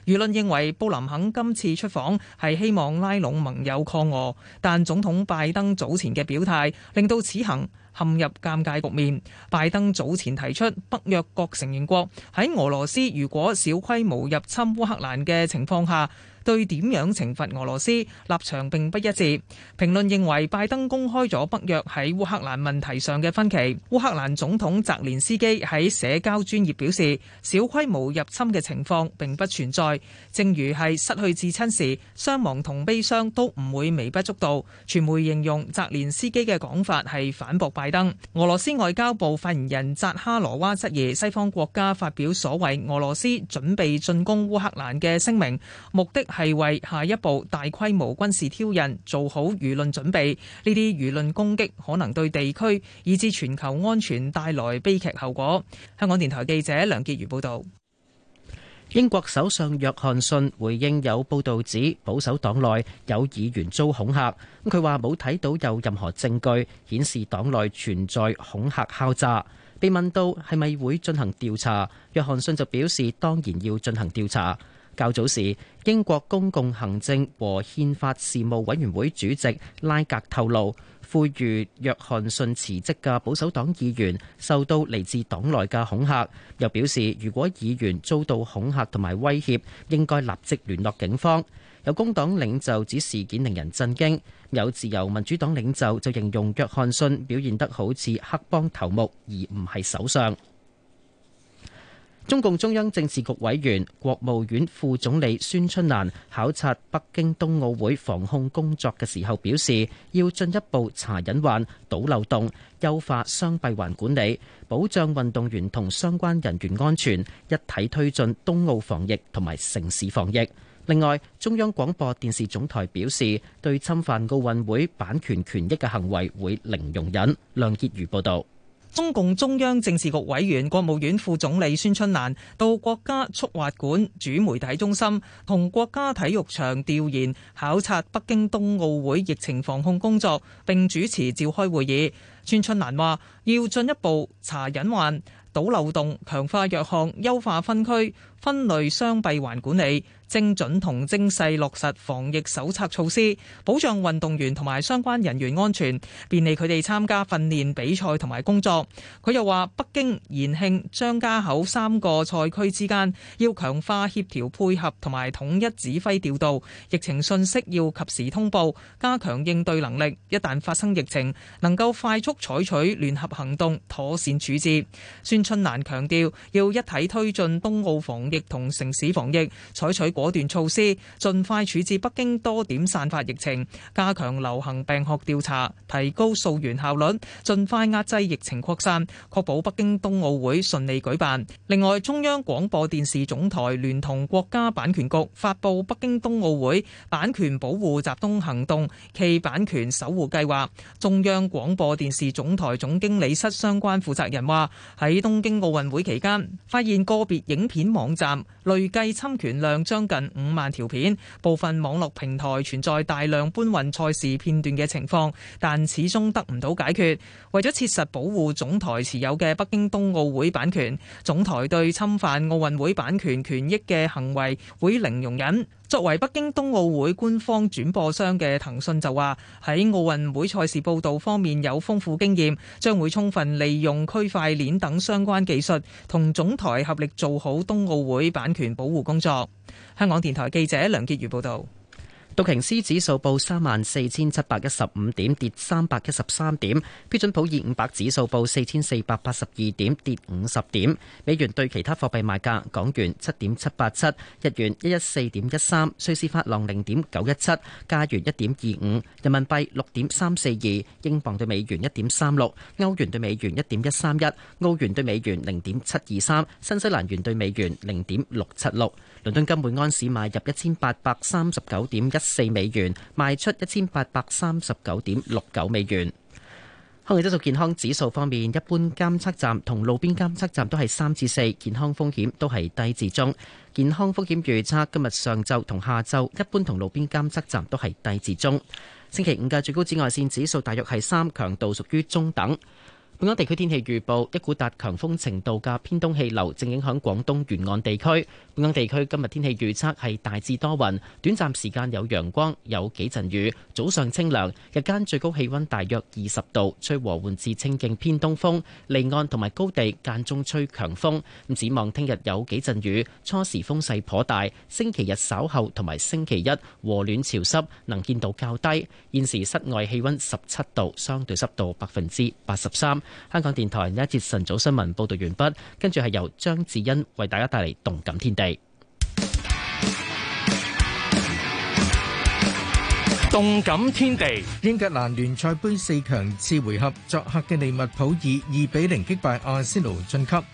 [SPEAKER 1] 輿論認為布林肯今次出訪係希望拉攏盟友抗俄，但總統拜登早前嘅表態令到此行陷入尷尬局面。拜登早前提出北約各成員國喺俄羅斯如果小規模入侵烏克蘭嘅情況下。對點樣懲罰俄羅斯，立場並不一致。評論認為拜登公開咗北約喺烏克蘭問題上嘅分歧。烏克蘭總統澤連斯基喺社交專頁表示，小規模入侵嘅情況並不存在。正如係失去至親時，傷亡同悲傷都唔會微不足道。傳媒形容澤連斯基嘅講法係反駁拜登。俄羅斯外交部發言人扎哈羅娃質疑西方國家發表所謂俄羅斯準備進攻烏克蘭嘅聲明，目的係。係為下一步大規模軍事挑釁做好輿論準備，呢啲輿論攻擊可能對地區以至全球安全帶來悲劇後果。香港電台記者梁潔如報
[SPEAKER 13] 道。英國首相約翰遜回應有報道指保守黨內有議員遭恐嚇，咁佢話冇睇到有任何證據顯示黨內存在恐嚇敲詐。被問到係咪會進行調查，約翰遜就表示當然要進行調查。較早時，英國公共行政和憲法事務委員會主席拉格透露，呼籲約翰遜辭職嘅保守黨議員受到嚟自黨內嘅恐嚇，又表示如果議員遭到恐嚇同埋威脅，應該立即聯絡警方。有工黨領袖指事件令人震驚，有自由民主黨領袖就形容約翰遜表現得好似黑幫頭目而，而唔係首相。中共中央政治局委員、國務院副總理孫春蘭考察北京冬奧會防控工作嘅時候表示，要進一步查隱患、堵漏洞，優化雙閉環管理，保障運動員同相關人員安全，一體推進冬奧防疫同埋城市防疫。另外，中央廣播電視總台表示，對侵犯奧運會版權權益嘅行為會零容忍。梁潔如報道。中共中央政治局委員、國務院副總理孫春蘭
[SPEAKER 1] 到國家速滑館主媒體中心同國家體育場調研考察北京冬奧會疫情防控工作，並主持召開會議。孫春蘭話：要進一步查隱患、堵漏洞、強化弱項、優化分區，分類雙閉環管理，精準同精細落實防疫手冊措施，保障運動員同埋相關人員安全，便利佢哋參加訓練、比賽同埋工作。佢又話：北京、延慶、張家口三個賽區之間要強化協調配合同埋統一指揮調度，疫情信息要及時通報，加強應對能力。一旦發生疫情，能夠快速採取聯合行動，妥善處置。孫春蘭強調，要一體推進冬奧防疫同城市防疫，採取果斷措施，盡快處置北京多點散發疫情，加強流行病學調查，提高溯源效率，盡快壓制疫情擴散，確保北京冬奧會順利舉辦。另外，中央廣播電視總台聯同國家版權局發布北京冬奧會版權保護集中行動暨版權守護計劃。中央廣播電視總台總經理室相關負責人話，喺東京奧運會期間發現個別影片網站。累計侵權量將近五萬條片，部分網絡平台存在大量搬運賽事片段嘅情況，但始終得唔到解決。為咗切實保護總台持有嘅北京冬奧會版權，總台對侵犯奧運會版權權益嘅行為會零容忍。作為北京冬奧會官方轉播商嘅騰訊就話喺奧運會賽事報道方面有豐富經驗，將會充分利用區塊鏈等相關技術，同總台合力做好冬奧會版權保護工作。香港電台記者梁潔如報道。道
[SPEAKER 13] 瓊斯指數報三萬四千七百一十五點，跌三百一十三點。標準普爾五百指數報四千四百八十二點，跌五十點。美元對其他貨幣賣價：港元七點七八七，日元一一四點一三，瑞士法郎零點九一七，加元一點二五，人民幣六點三四二，英鎊對美元一點三六，歐元對美元一點一三一，澳元對美元零點七二三，新西蘭元對美元零點六七六。倫敦金每安士買入一千八百三十九點一四美元，賣出一千八百三十九點六九美元。空氣質素健康指數方面，一般監測站同路邊監測站都係三至四，4, 健康風險都係低至中。健康風險預測今日上晝同下晝，一般同路邊監測站都係低至中。星期五嘅最高紫外線指數大約係三，強度屬於中等。本港地區天氣預報：一股達強風程度嘅偏東氣流正影響廣東沿岸地區。本港地區今日天氣預測係大致多雲，短暫時間有陽光，有幾陣雨。早上清涼，日間最高氣溫大約二十度，吹和緩至清勁偏東風，離岸同埋高地間中吹強風，咁展望聽日有幾陣雨，初時風勢頗大。星期日稍後同埋星期一和暖潮濕，能見度較低。現時室外氣溫十七度，相對濕度百分之八十三。香港電台，呢一節晨早新聞報道完畢，跟住係由張子欣為大家
[SPEAKER 16] 帶嚟動感天地。動感天地，英格蘭聯賽盃四強次回合，作客嘅利物浦以二比零擊敗阿仙奴晉級。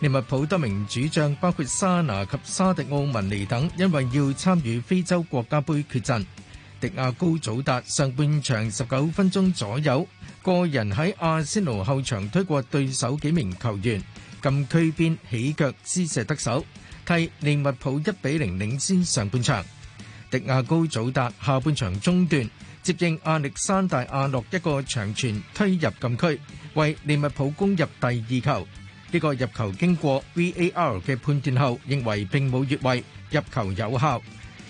[SPEAKER 16] 利物浦多名主將包括沙拿及沙迪奧文尼等，因為要參與非洲國家盃決戰。迪亞高祖達上半場十九分鐘左右，個人喺阿仙奴後場推過對手幾名球員，禁區邊起腳施射得手，替利物浦一比零領先上半場。迪亞高祖達下半場中段，接應亞歷山大阿諾一個長傳推入禁區，為利物浦攻入第二球。呢個入球經過 VAR 嘅判斷後，認為並冇越位，入球有效。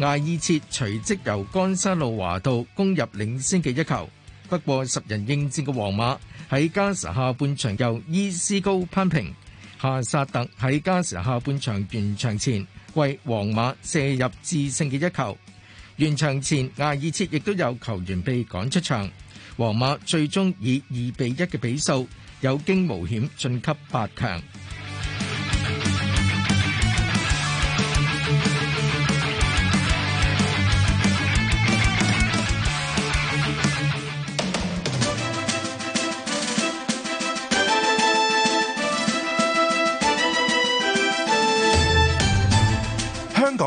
[SPEAKER 16] 艾爾切隨即由甘沙路華道攻入領先嘅一球，不過十人應戰嘅皇馬喺加時下半場由伊斯高扳平，夏薩特喺加時下半場完場前為皇馬射入致勝嘅一球。完場前艾爾切亦都有球員被趕出場，皇馬最終以二比一嘅比數有驚無險晉級八強。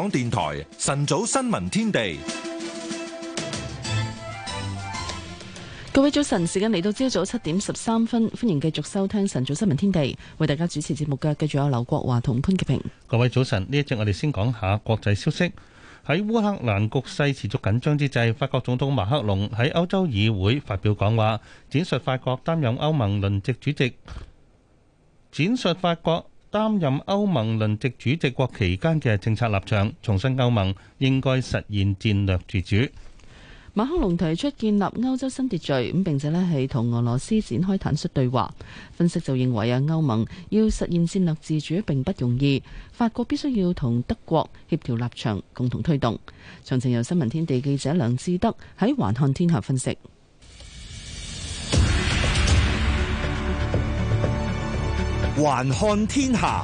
[SPEAKER 2] 港電台晨早新聞天地，
[SPEAKER 3] 各位早晨，時間嚟到朝早七點十三分，歡迎繼續收聽晨早新聞天地，為大家主持節目嘅繼續有劉國華同潘潔平。
[SPEAKER 4] 各位早晨，呢一節我哋先講下國際消息。喺烏克蘭局勢持續緊張之際，法國總統馬克龍喺歐洲議會發表講話，闡述法國擔任歐盟輪值主席，闡述法國。擔任歐盟輪值主席國期間嘅政策立場，重申歐盟應該實現戰略自主。
[SPEAKER 3] 馬克龍提出建立歐洲新秩序咁，並且咧係同俄羅斯展開坦率對話。分析就認為啊，歐盟要實現戰略自主並不容易，法國必須要同德國協調立場，共同推動。詳情由新聞天地記者梁志德喺《環看天下》分析。還看天下。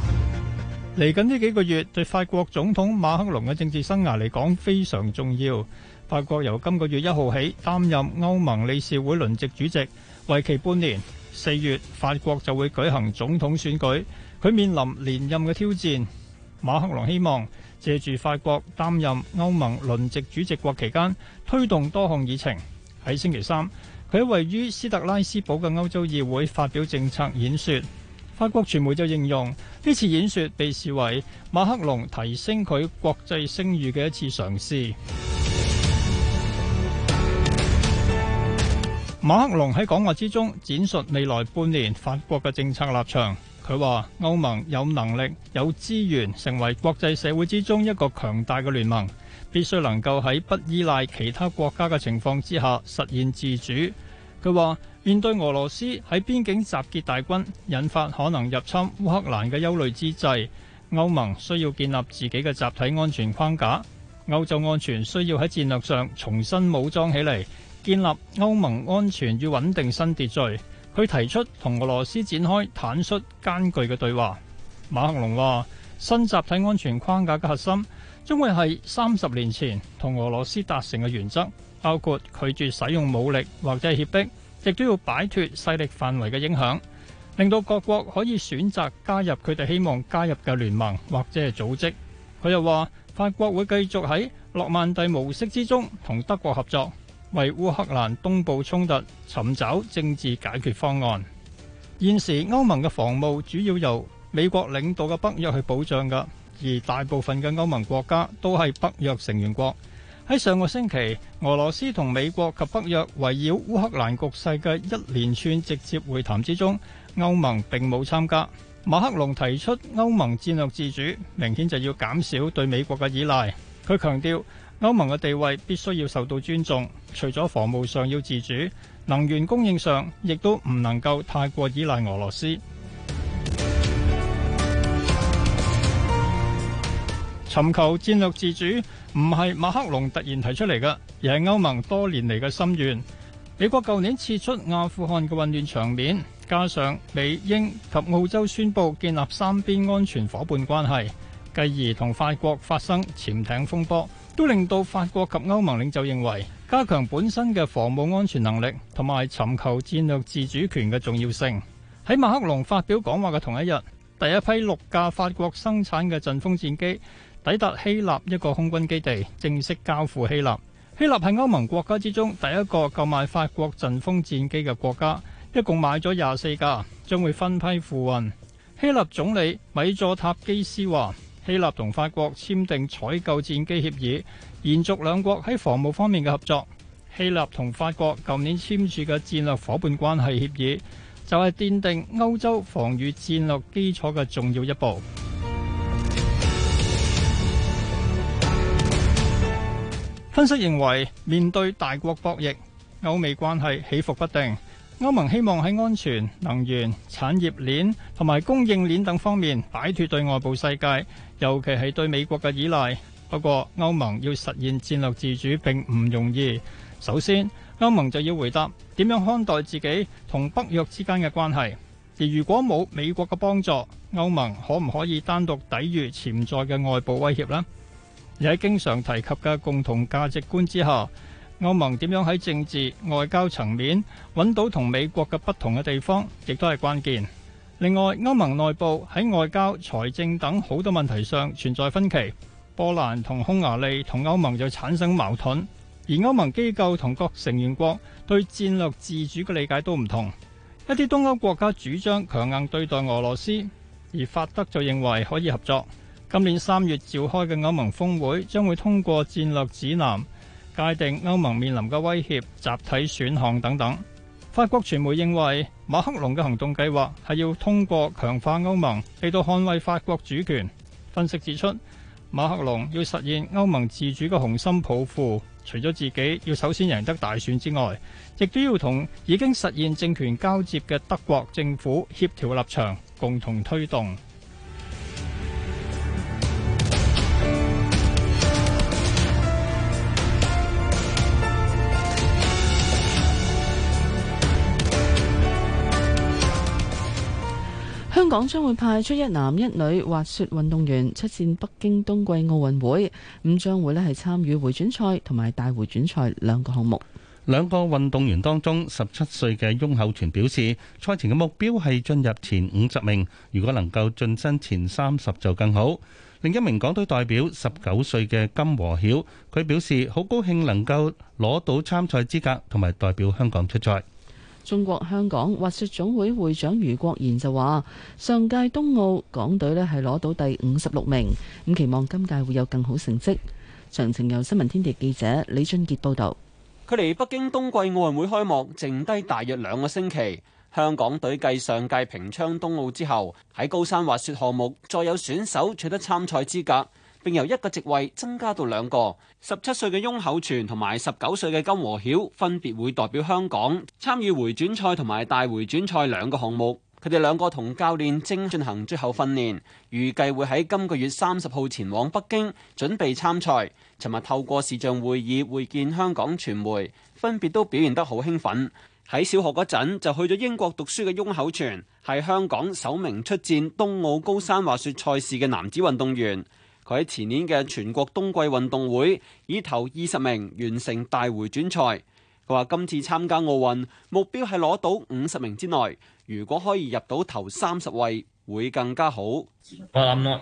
[SPEAKER 3] 嚟緊
[SPEAKER 17] 呢幾個月，對法國總統馬克龍嘅政治生涯嚟講非常重要。法國由今個月一號起擔任歐盟理事會輪值主席，為期半年。四月法國就會舉行總統選舉，佢面臨連任嘅挑戰。馬克龍希望借住法國擔任歐盟輪值主席國期間，推動多項議程。喺星期三，佢喺位於斯特拉斯堡嘅歐洲議會發表政策演說。法國傳媒就形容呢次演說被視為馬克龍提升佢國際聲譽嘅一次嘗試。馬克龍喺講話之中展述未來半年法國嘅政策立場。佢話歐盟有能力、有資源成為國際社會之中一個強大嘅聯盟，必須能夠喺不依賴其他國家嘅情況之下實現自主。佢話：面對俄羅斯喺邊境集結大軍，引發可能入侵烏克蘭嘅憂慮之際，歐盟需要建立自己嘅集體安全框架。歐洲安全需要喺戰略上重新武裝起嚟，建立歐盟安全與穩定新秩序。佢提出同俄羅斯展開坦率、艱巨嘅對話。馬克龍話：新集體安全框架嘅核心，將會係三十年前同俄羅斯達成嘅原則。包括拒絕使用武力或者係脅迫，亦都要擺脫勢力範圍嘅影響，令到各國可以選擇加入佢哋希望加入嘅聯盟或者係組織。佢又話法國會繼續喺諾曼第模式之中同德國合作，為烏克蘭東部衝突，尋找政治解決方案。現時歐盟嘅防務主要由美國領導嘅北約去保障㗎，而大部分嘅歐盟國家都係北約成員國。喺上個星期，俄羅斯同美國及北約圍繞烏克蘭局勢嘅一連串直接會談之中，歐盟並冇參加。馬克龍提出歐盟戰略自主，明顯就要減少對美國嘅依賴。佢強調歐盟嘅地位必須要受到尊重，除咗防務上要自主，能源供應上亦都唔能夠太過依賴俄羅斯。尋求戰略自主，唔係馬克龍突然提出嚟嘅，而係歐盟多年嚟嘅心願。美國舊年撤出阿富汗嘅混亂場面，加上美英及澳洲宣布建立三邊安全伙伴關係，繼而同法國發生潛艇風波，都令到法國及歐盟領袖認為加強本身嘅防務安全能力，同埋尋求戰略自主權嘅重要性。喺馬克龍發表講話嘅同一日，第一批六架法國生產嘅陣風戰機。抵達希臘一個空軍基地，正式交付希臘。希臘係歐盟國家之中第一個購買法國陣風戰機嘅國家，一共買咗廿四架，將會分批付運。希臘總理米佐塔基斯話：希臘同法國簽訂採購戰機協議，延續兩國喺防務方面嘅合作。希臘同法國舊年簽署嘅戰略夥伴關係協議，就係奠定歐洲防禦戰略基礎嘅重要一步。分析認為，面對大國博弈、歐美關係起伏不定，歐盟希望喺安全、能源、產業鏈同埋供應鏈等方面擺脱對外部世界，尤其係對美國嘅依賴。不過，歐盟要實現戰略自主並唔容易。首先，歐盟就要回答點樣看待自己同北約之間嘅關係，而如果冇美國嘅幫助，歐盟可唔可以單獨抵禦潛在嘅外部威脅呢？而喺經常提及嘅共同價值觀之下，歐盟點樣喺政治、外交層面揾到同美國嘅不同嘅地方，亦都係關鍵。另外，歐盟內部喺外交、財政等好多問題上存在分歧，波蘭同匈牙利同歐盟就產生矛盾，而歐盟機構同各成員國對戰略自主嘅理解都唔同。一啲東歐國家主張強硬對待俄羅斯，而法德就認為可以合作。今年三月召開嘅歐盟峰會將會通過戰略指南，界定歐盟面臨嘅威脅、集體選項等等。法國傳媒認為馬克龍嘅行動計劃係要通過強化歐盟嚟到捍衛法國主權。分析指出，馬克龍要實現歐盟自主嘅雄心抱負，除咗自己要首先贏得大選之外，亦都要同已經實現政權交接嘅德國政府協調立場，共同推動。
[SPEAKER 3] 香港將會派出一男一女滑雪運動員出戰北京冬季奧運會，咁將會咧係參與回轉賽同埋大回轉賽兩個項目。
[SPEAKER 4] 兩個運動員當中，十七歲嘅翁厚全表示，賽前嘅目標係進入前五十名，如果能夠晉身前三十就更好。另一名港隊代表，十九歲嘅金和曉，佢表示好高興能夠攞到參賽資格同埋代表香港出賽。
[SPEAKER 3] 中國香港滑雪總會會長余國賢就話，上屆冬奧港隊呢係攞到第五十六名，咁期望今屆會有更好成績。詳情由新聞天地記者李俊傑報道。
[SPEAKER 8] 距離北京冬季奧運會開幕剩低大約兩個星期，香港隊繼上屆平昌冬奧之後，喺高山滑雪項目再有選手取得參賽資格。並由一個席位增加到兩個。十七歲嘅翁口全同埋十九歲嘅金和曉分別會代表香港參與回轉賽同埋大回轉賽兩個項目。佢哋兩個同教練正進行最後訓練，預計會喺今個月三十號前往北京準備參賽。尋日透過視像會議會見香港傳媒，分別都表現得好興奮。喺小學嗰陣就去咗英國讀書嘅翁口全係香港首名出戰冬奧高山滑雪賽事嘅男子運動員。佢喺前年嘅全國冬季運動會以頭二十名完成大回轉賽。佢話今次參加奧運目標係攞到五十名之內，如果可以入到頭三十位會更加好。
[SPEAKER 14] Well,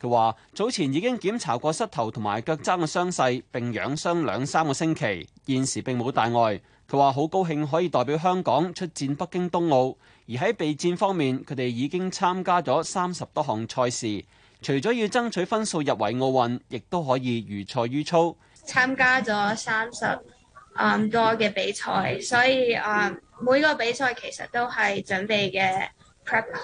[SPEAKER 8] 佢話：早前已經檢查過膝頭同埋腳踭嘅傷勢，並養傷兩三個星期，現時並冇大礙。佢話好高興可以代表香港出戰北京冬奧，而喺備戰方面，佢哋已經參加咗三十多項賽事，除咗要爭取分數入圍奧運，亦都可以如賽如操。
[SPEAKER 15] 參加咗三十多
[SPEAKER 10] 嘅比賽，所以啊每個比賽其實都係準備嘅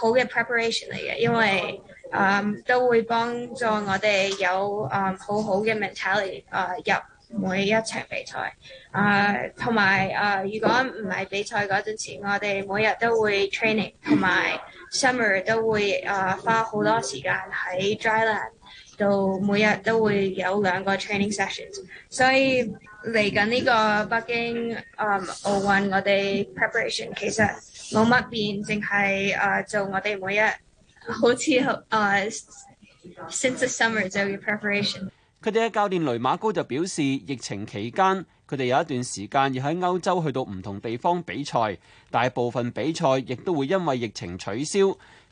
[SPEAKER 10] 好嘅 preparation 嚟嘅，因為啊，um, 都會幫助我哋有啊、um, 好好嘅 mentality 啊、uh, 入每一場比賽，啊、uh，同埋啊，如果唔係比賽陣時，我哋每日都會 training，同埋 summer 都會啊、uh, 花好多時間喺 dryland 度，每日都會有兩個 training sessions。所以嚟緊呢個北京啊、um, 奧運，我哋 preparation 其實冇乜變，淨係啊做我哋每日。好似啊，since the summer，就係
[SPEAKER 8] prepare。佢哋嘅教練雷馬高就表示，疫情期間佢哋有一段時間要喺歐洲去到唔同地方比賽，大部分比賽亦都會因為疫情取消。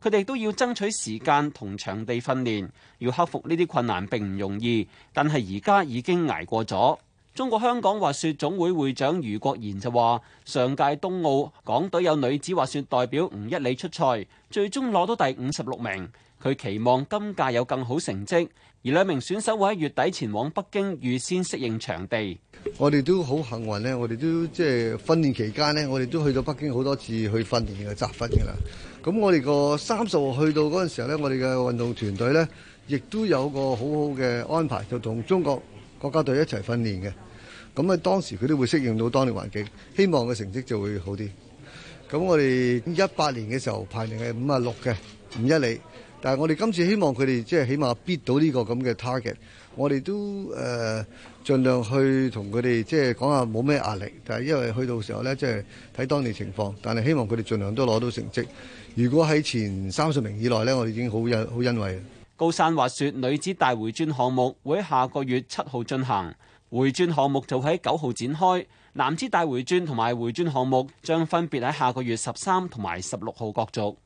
[SPEAKER 8] 佢哋都要爭取時間同場地訓練，要克服呢啲困難並唔容易，但係而家已經捱過咗。中國香港滑雪總會會長余國賢就話：上屆冬奧港隊有女子滑雪代表吳一里出賽，最終攞到第五十六名。佢期望今屆有更好成績。而兩名選手會喺月底前往北京預先適應場地。
[SPEAKER 15] 我哋都好幸運呢，我哋都即係、就是、訓練期間呢，我哋都去咗北京好多次去訓練嘅集訓噶啦。咁我哋個三十號去到嗰陣時候咧，我哋嘅運動團隊呢亦都有個好好嘅安排，就同中國。國家隊一齊訓練嘅，咁啊當時佢都會適應到當地環境，希望嘅成績就會好啲。咁我哋一八年嘅時候排名係五啊六嘅，五一零，但係我哋今次希望佢哋即係起碼逼到呢個咁嘅 target，我哋都誒、呃、盡量去同佢哋即係講下冇咩壓力，但係因為去到時候呢，即係睇當地情況，但係希望佢哋盡量都攞到成績。如果喺前三十名以內呢，我哋已經好有好欣慰。
[SPEAKER 8] 高山滑雪女子大回轉項目會喺下個月七號進行，回轉項目就喺九號展開。男子大回轉同埋回轉項目將分別喺下個月十三同埋十六號角逐。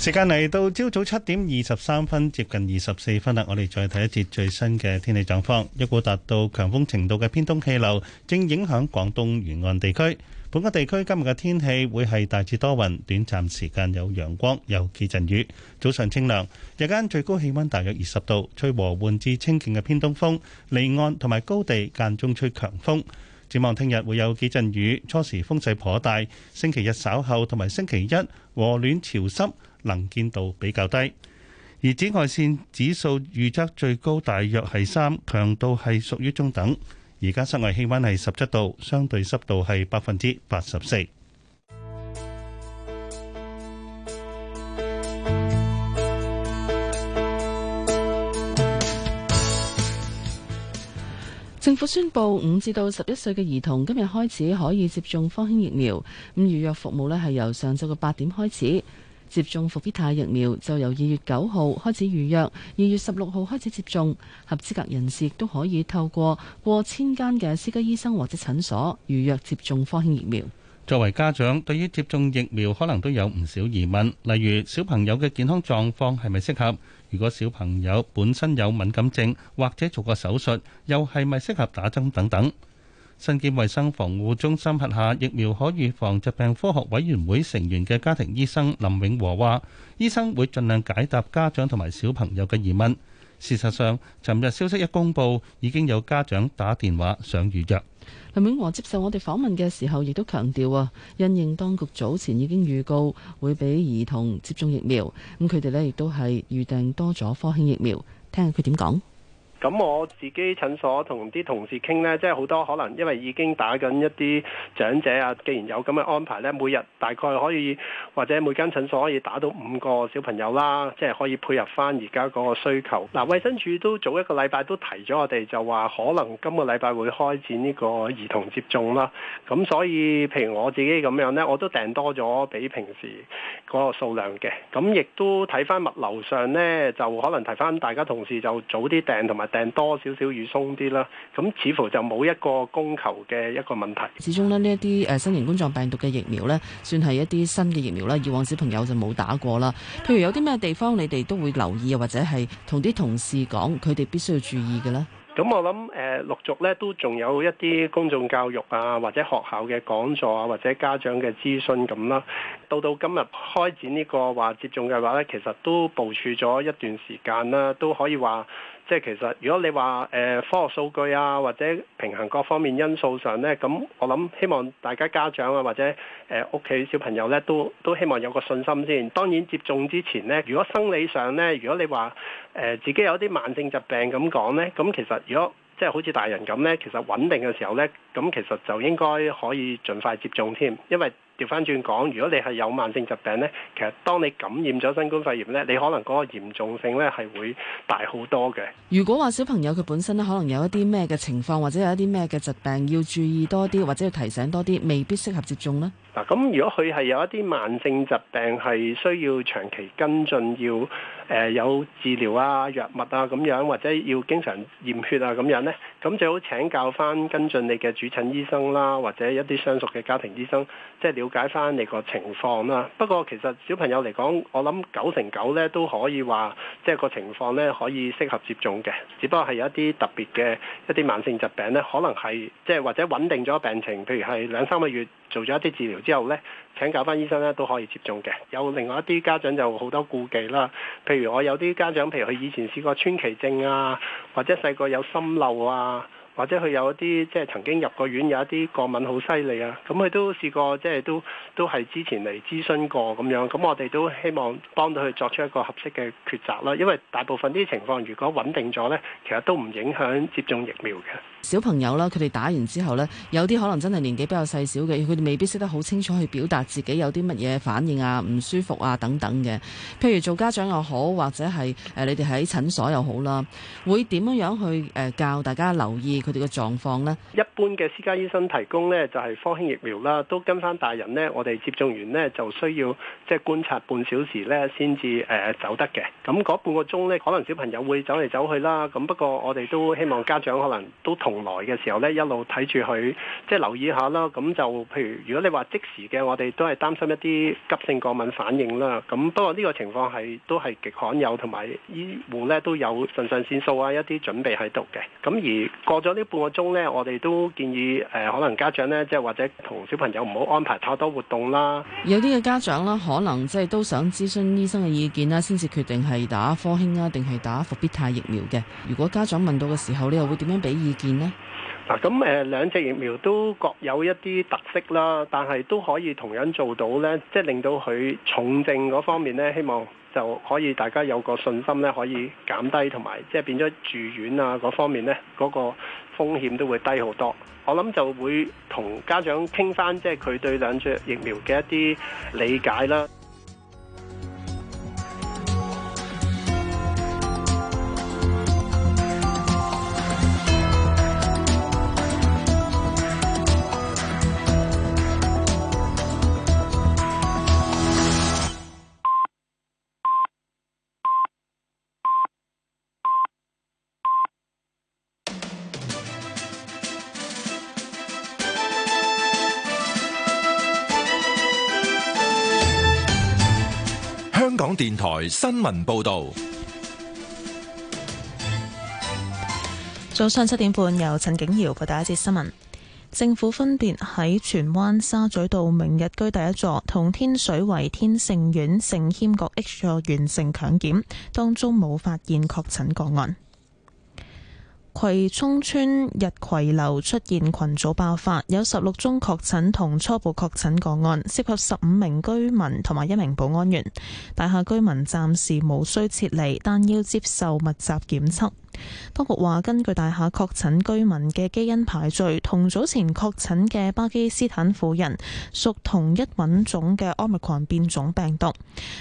[SPEAKER 4] 時間嚟到朝早七點二十三分，接近二十四分啦。我哋再睇一節最新嘅天氣狀況。一股達到強風程度嘅偏東氣流正影響廣東沿岸地區。本港地區今日嘅天氣會係大致多雲，短暫時間有陽光，有幾陣雨。早上清涼，日間最高氣溫大約二十度，吹和緩至清勁嘅偏東風，離岸同埋高地間中吹強風。展望聽日會有幾陣雨，初時風勢頗大。星期日稍後同埋星期一和暖潮濕。能見度比較低，而紫外線指數預測最高大約係三，強度係屬於中等。而家室外氣溫係十七度，相對濕度係百分之八十四。
[SPEAKER 3] 政府宣布五至到十一歲嘅兒童今日開始可以接種科興疫苗。咁預約服務咧係由上晝嘅八點開始。接種伏必泰疫苗就由二月九號開始預約，二月十六號開始接種。合資格人士亦都可以透過過千間嘅私家醫生或者診所預約接種科興疫苗。
[SPEAKER 4] 作為家長，對於接種疫苗可能都有唔少疑問，例如小朋友嘅健康狀況係咪適合？如果小朋友本身有敏感症或者做過手術，又係咪適合打針等等？新建衛生防護中心轄下疫苗可預防疾病科學委員會成員嘅家庭醫生林永和話，醫生會盡量解答家長同埋小朋友嘅疑問。事實上，尋日消息一公佈，已經有家長打電話想預約。
[SPEAKER 3] 林永和接受我哋訪問嘅時候，亦都強調啊，因應當局早前已經預告會俾兒童接種疫苗，咁佢哋呢亦都係預訂多咗科興疫苗。聽下佢點講。
[SPEAKER 18] 咁我自己診所同啲同事傾咧，即係好多可能因為已經打緊一啲長者啊。既然有咁嘅安排咧，每日大概可以或者每間診所可以打到五個小朋友啦，即係可以配合翻而家嗰個需求。嗱，衛生署都早一個禮拜都提咗我哋，就話可能今個禮拜會開展呢個兒童接種啦。咁所以譬如我自己咁樣咧，我都訂多咗比平時嗰個數量嘅。咁亦都睇翻物流上咧，就可能提翻大家同事就早啲訂同埋。訂多少少預鬆啲啦，咁似乎就冇一個供求嘅一個問題。
[SPEAKER 3] 始終咧，呢一啲誒新型冠狀病毒嘅疫苗呢，算係一啲新嘅疫苗啦。以往小朋友就冇打過啦。譬如有啲咩地方你哋都會留意，或者係同啲同事講，佢哋必須要注意嘅咧。
[SPEAKER 18] 咁、嗯、我諗誒，陸、呃、續咧都仲有一啲公眾教育啊，或者學校嘅講座啊，或者家長嘅諮詢咁啦。到到今日開展呢、這個話接種嘅話呢，其實都部署咗一段時間啦、啊，都可以話。即係其實，如果你話誒科學數據啊，或者平衡各方面因素上咧，咁我諗希望大家家長啊，或者誒屋企小朋友咧，都都希望有個信心先。當然接種之前咧，如果生理上咧，如果你話誒、呃、自己有啲慢性疾病咁講咧，咁其實如果即係好似大人咁咧，其實穩定嘅時候咧，咁其實就應該可以盡快接種添，因為。調翻轉講，如果你係有慢性疾病呢，其實當你感染咗新冠肺炎呢，你可能嗰個嚴重性呢係會大好多嘅。
[SPEAKER 3] 如果話小朋友佢本身咧可能有一啲咩嘅情況，或者有一啲咩嘅疾病要注意多啲，或者要提醒多啲，未必適合接種咧。
[SPEAKER 18] 嗱、啊，咁如果佢係有一啲慢性疾病係需要長期跟進，要誒、呃、有治療啊藥物啊咁樣，或者要經常驗血啊咁樣呢，咁最好請教翻跟進你嘅主診醫生啦，或者一啲相熟嘅家庭醫生，即係了。解翻你個情況啦。不過其實小朋友嚟講，我諗九成九咧都可以話，即係個情況咧可以適合接種嘅。只不過係有一啲特別嘅一啲慢性疾病咧，可能係即係或者穩定咗病情，譬如係兩三個月做咗一啲治療之後咧，請教翻醫生咧都可以接種嘅。有另外一啲家長就好多顧忌啦。譬如我有啲家長，譬如佢以前試過川崎症啊，或者細個有心漏啊。或者佢有一啲即係曾經入過院，有一啲過敏好犀利啊！咁佢都試過，即係都都係之前嚟諮詢過咁樣。咁我哋都希望幫到佢作出一個合適嘅抉擇啦。因為大部分啲情況，如果穩定咗咧，其實都唔影響接種疫苗嘅。
[SPEAKER 3] 小朋友啦，佢哋打完之後咧，有啲可能真係年紀比較細小嘅，佢哋未必識得好清楚去表達自己有啲乜嘢反應啊、唔舒服啊等等嘅。譬如做家長又好，或者係誒你哋喺診所又好啦，會點樣樣去誒教大家留意？佢哋嘅狀況咧，
[SPEAKER 18] 一般嘅私家醫生提供呢，就係、是、科興疫苗啦，都跟翻大人呢，我哋接種完呢，就需要即係、就是、觀察半小時呢，先至誒走得嘅。咁嗰半個鐘呢，可能小朋友會走嚟走去啦。咁不過我哋都希望家長可能都同來嘅時候呢，一路睇住佢，即係留意下啦。咁就譬如如果你話即時嘅，我哋都係擔心一啲急性過敏反應啦。咁不過呢個情況係都係極罕有，同埋醫護呢都有腎上腺素啊，一啲準備喺度嘅。咁而過咗。呢半個鐘呢，我哋都建議誒、呃，可能家長呢，即係或者同小朋友唔好安排太多活動啦。
[SPEAKER 3] 有啲嘅家長啦，可能即係都想諮詢醫生嘅意見啦、啊，先至決定係打科興啊，定係打伏必泰疫苗嘅。如果家長問到嘅時候，你又會點樣俾意見呢？
[SPEAKER 18] 嗱、啊、咁、啊、誒，兩隻疫苗都各有一啲特色啦，但係都可以同樣做到呢，即、就、係、是、令到佢重症嗰方面呢，希望。就可以大家有個信心咧，可以減低同埋即係變咗住院啊嗰方面咧，嗰個風險都會低好多。我諗就會同家長傾翻，即係佢對兩隻疫苗嘅一啲理解啦。
[SPEAKER 2] 新聞報道。
[SPEAKER 10] 早上七點半，由陳景堯播第一節新聞。政府分別喺荃灣沙咀道明日居第一座同天水圍天盛苑盛謙閣 H 座完成強檢，當中冇發現確診個案。葵涌村日葵樓出現群組爆發，有十六宗確診同初步確診個案，涉及十五名居民同埋一名保安員。大廈居民暫時無需撤離，但要接受密集檢測。當局話，根據大廈確診居民嘅基因排序，同早前確診嘅巴基斯坦婦人屬同一品種嘅奧密克戎變種病毒。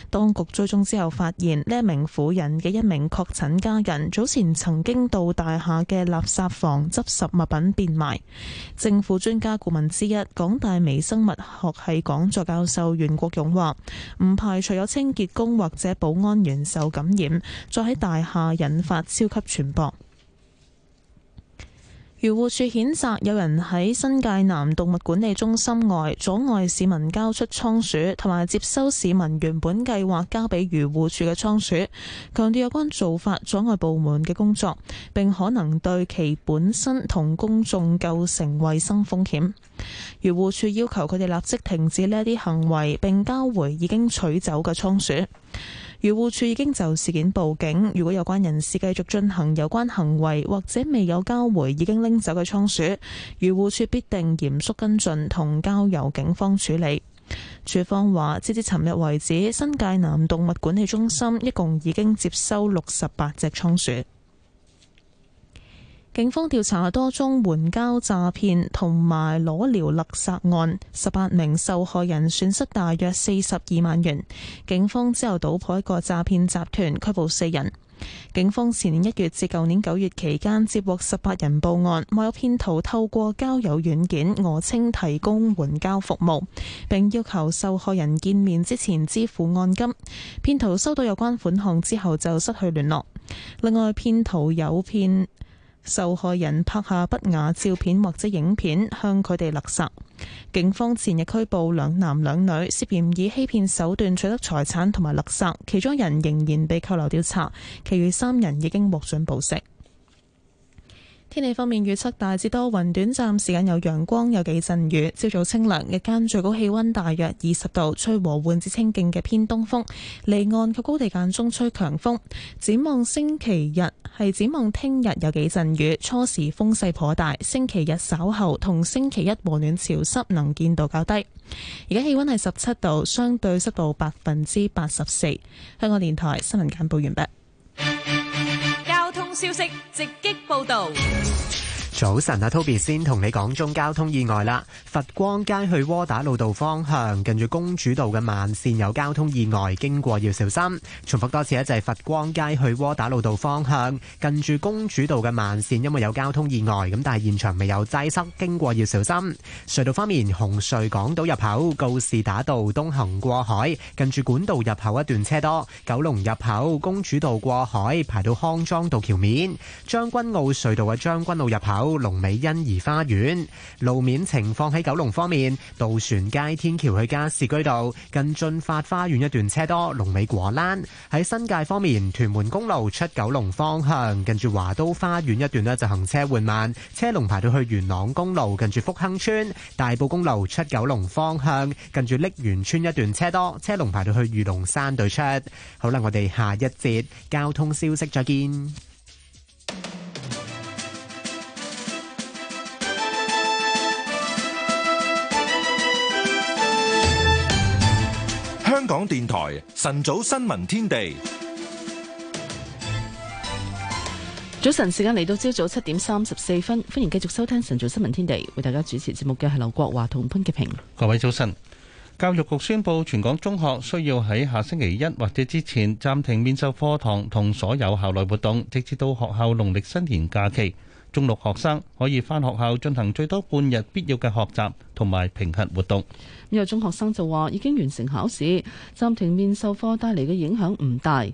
[SPEAKER 10] 當局追蹤之後發現，呢一名婦人嘅一名確診家人早前曾經到大廈嘅垃圾房執拾物品變賣。政府專家顧問之一、港大微生物學系講座教授袁國勇話：唔排除有清潔工或者保安員受感染，再喺大廈引發超級傳。漁護署譴責有人喺新界南動物管理中心外阻礙市民交出倉鼠，同埋接收市民原本計劃交俾漁護署嘅倉鼠，強調有關做法阻礙部門嘅工作，並可能對其本身同公眾構成衛生風險。漁護署要求佢哋立即停止呢一啲行為，並交回已經取走嘅倉鼠。漁護署已經就事件報警，如果有關人士繼續進行有關行為或者未有交回已經拎走嘅倉鼠，漁護署必定嚴肅跟進同交由警方處理。署方話，直至尋日為止，新界南動物管理中心一共已經接收六十八隻倉鼠。警方調查多宗援交詐騙同埋裸聊勒索案，十八名受害人損失大約四十二萬元。警方之後搗破一個詐騙集團，拘捕四人。警方前年一月至舊年九月期間接獲十八人報案，話有騙徒透過交友軟件訛稱提供援交服務，並要求受害人見面之前支付按金。騙徒收到有關款項之後就失去聯絡。另外，騙徒有騙受害人拍下不雅照片或者影片向佢哋勒索，警方前日拘捕兩男兩女，涉嫌以欺騙手段取得財產同埋勒索，其中一人仍然被扣留調查，其餘三人已經獲准保釋。天氣方面預測大致多雲，短暫時間有陽光，有幾陣雨。朝早清涼，日間最高氣溫大約二十度，吹和緩至清勁嘅偏東風。離岸及高地間中吹強風。展望星期日，係展望聽日有幾陣雨，初時風勢頗大。星期日稍後同星期一和暖潮濕，能見度較低。而家氣溫係十七度，相對濕度百分之八十四。香港電台新聞簡報完畢。
[SPEAKER 9] 消息直擊報導。
[SPEAKER 12] 早晨啊，Toby 先同你講中交通意外啦。佛光街去窩打老道方向，近住公主道嘅慢線有交通意外，經過要小心。重複多次咧，就係佛光街去窩打老道方向，近住公主道嘅慢線，因為有交通意外，咁但係現場未有擠塞，經過要小心。隧道方面，紅隧港島入口告士打道東行過海，近住管道入口一段車多；九龍入口公主道過海，排到康莊道橋面；將軍澳隧道嘅將軍澳入口。龍尾欣怡花園，路面情況，喺九龍方面，渡船街天橋去加士居道近駿發花園一段車多，龍尾果欄。喺新界方面，屯門公路出九龍方向，近住華都花園一段呢，就行車緩慢，車龍排到去元朗公路近住福亨村大埔公路出九龍方向，近住瀝源村一段車多，車龍排到去御龍山對出。好啦，我哋下一節交通消息再見。
[SPEAKER 2] 香港電台晨早新聞天地，
[SPEAKER 3] 早晨時間嚟到朝早七點三十四分，歡迎繼續收聽晨早新聞天地，為大家主持節目嘅係劉國華同潘潔平。
[SPEAKER 4] 各位早晨，教育局宣布，全港中學需要喺下星期一或者之前暫停面授課堂同所有校內活動，直至到學校農曆新年假期。中六學生可以返學校進行最多半日必要嘅學習同埋評核活動。
[SPEAKER 3] 有中學生就話已經完成考試，暫停面授課帶嚟嘅影響唔大。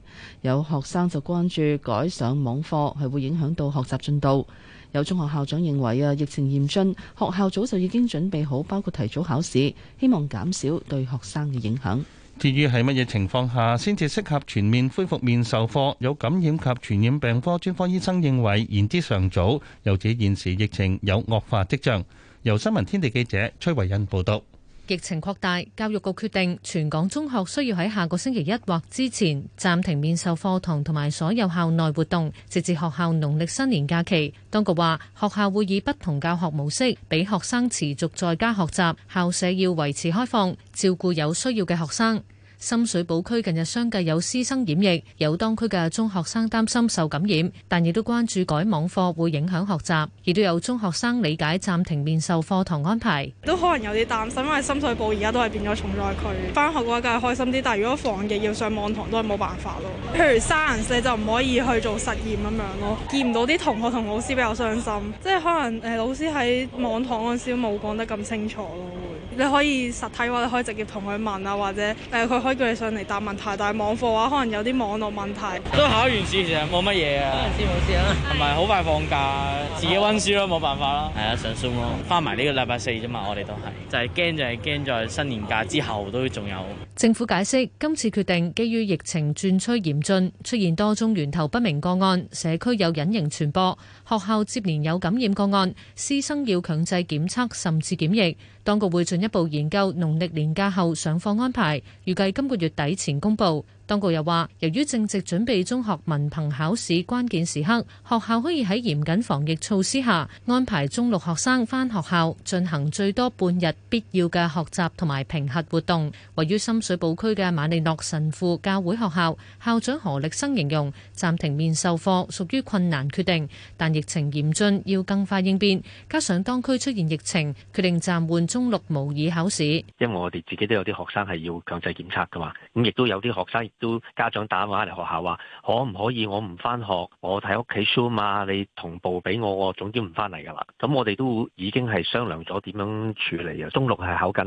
[SPEAKER 3] 有學生就關注改上網課係會影響到學習進度。有中學校長認為啊，疫情嚴峻，學校早就已經準備好，包括提早考試，希望減少對學生嘅影響。
[SPEAKER 4] 至於喺乜嘢情況下先至適合全面恢復面授課？有感染及傳染病科專科醫生認為，言之尚早，又指現時疫情有惡化跡象。由新聞天地記者崔維欣報道。
[SPEAKER 9] 疫情擴大，教育局決定全港中學需要喺下個星期一或之前暫停面授課堂同埋所有校內活動，直至學校農曆新年假期。當局話，學校會以不同教學模式，俾學生持續在家學習。校舍要維持開放，照顧有需要嘅學生。深水埗區近日相繼有師生染疫，有當區嘅中學生擔心受感染，但亦都關注改網課會影響學習，亦都有中學生理解暫停面授課堂安排。
[SPEAKER 1] 都可能有啲擔心，因為深水埗而家都係變咗重災區。翻學嘅話梗係開心啲，但係如果防疫要上網堂都係冇辦法咯。譬如 Science 就唔可以去做實驗咁樣咯，見唔到啲同學同老師比較傷心。即係可能誒、呃、老師喺網堂嗰時冇講得咁清楚咯，你可以實體嘅話你可以直接同佢問啊，或者誒佢。呃可以叫你上嚟答問題，但係網課嘅話，可能有啲網絡問題。都
[SPEAKER 14] 考完試成日冇乜嘢啊，冇事啦，係咪好快放假？啊、自己溫書咯，冇辦法咯。係啊，上書咯，翻埋呢個禮拜四啫嘛，我哋都係。就係驚，就係驚，在新年假之後都仲有。
[SPEAKER 9] 政府解釋，今次決定基於疫情轉趨嚴峻，出現多宗源頭不明個案，社區有隱形傳播，學校接連有感染個案，師生要強制檢測，甚至檢疫。當局會進一步研究農曆年假後上課安排，預計今個月底前公佈。當局又話，由於正值準備中學文憑考試關鍵時刻，學校可以喺嚴謹防疫措施下安排中六學生返學校進行最多半日必要嘅學習同埋評核活動。位於深水埗區嘅馬利諾神父教會學校校長何力生形容，暫停面授課屬於困難決定，但疫情嚴峻要更快應變，加上當區出現疫情，決定暫緩中六模擬考試。
[SPEAKER 11] 因為我哋自己都有啲學生係要強制檢測㗎嘛，咁亦都有啲學生。都家長打電話嚟學校話，可唔可以我唔翻學，我睇屋企 show 嘛？你同步俾我，我總之唔翻嚟㗎啦。咁我哋都已經係商量咗點樣處理啊。中六係考緊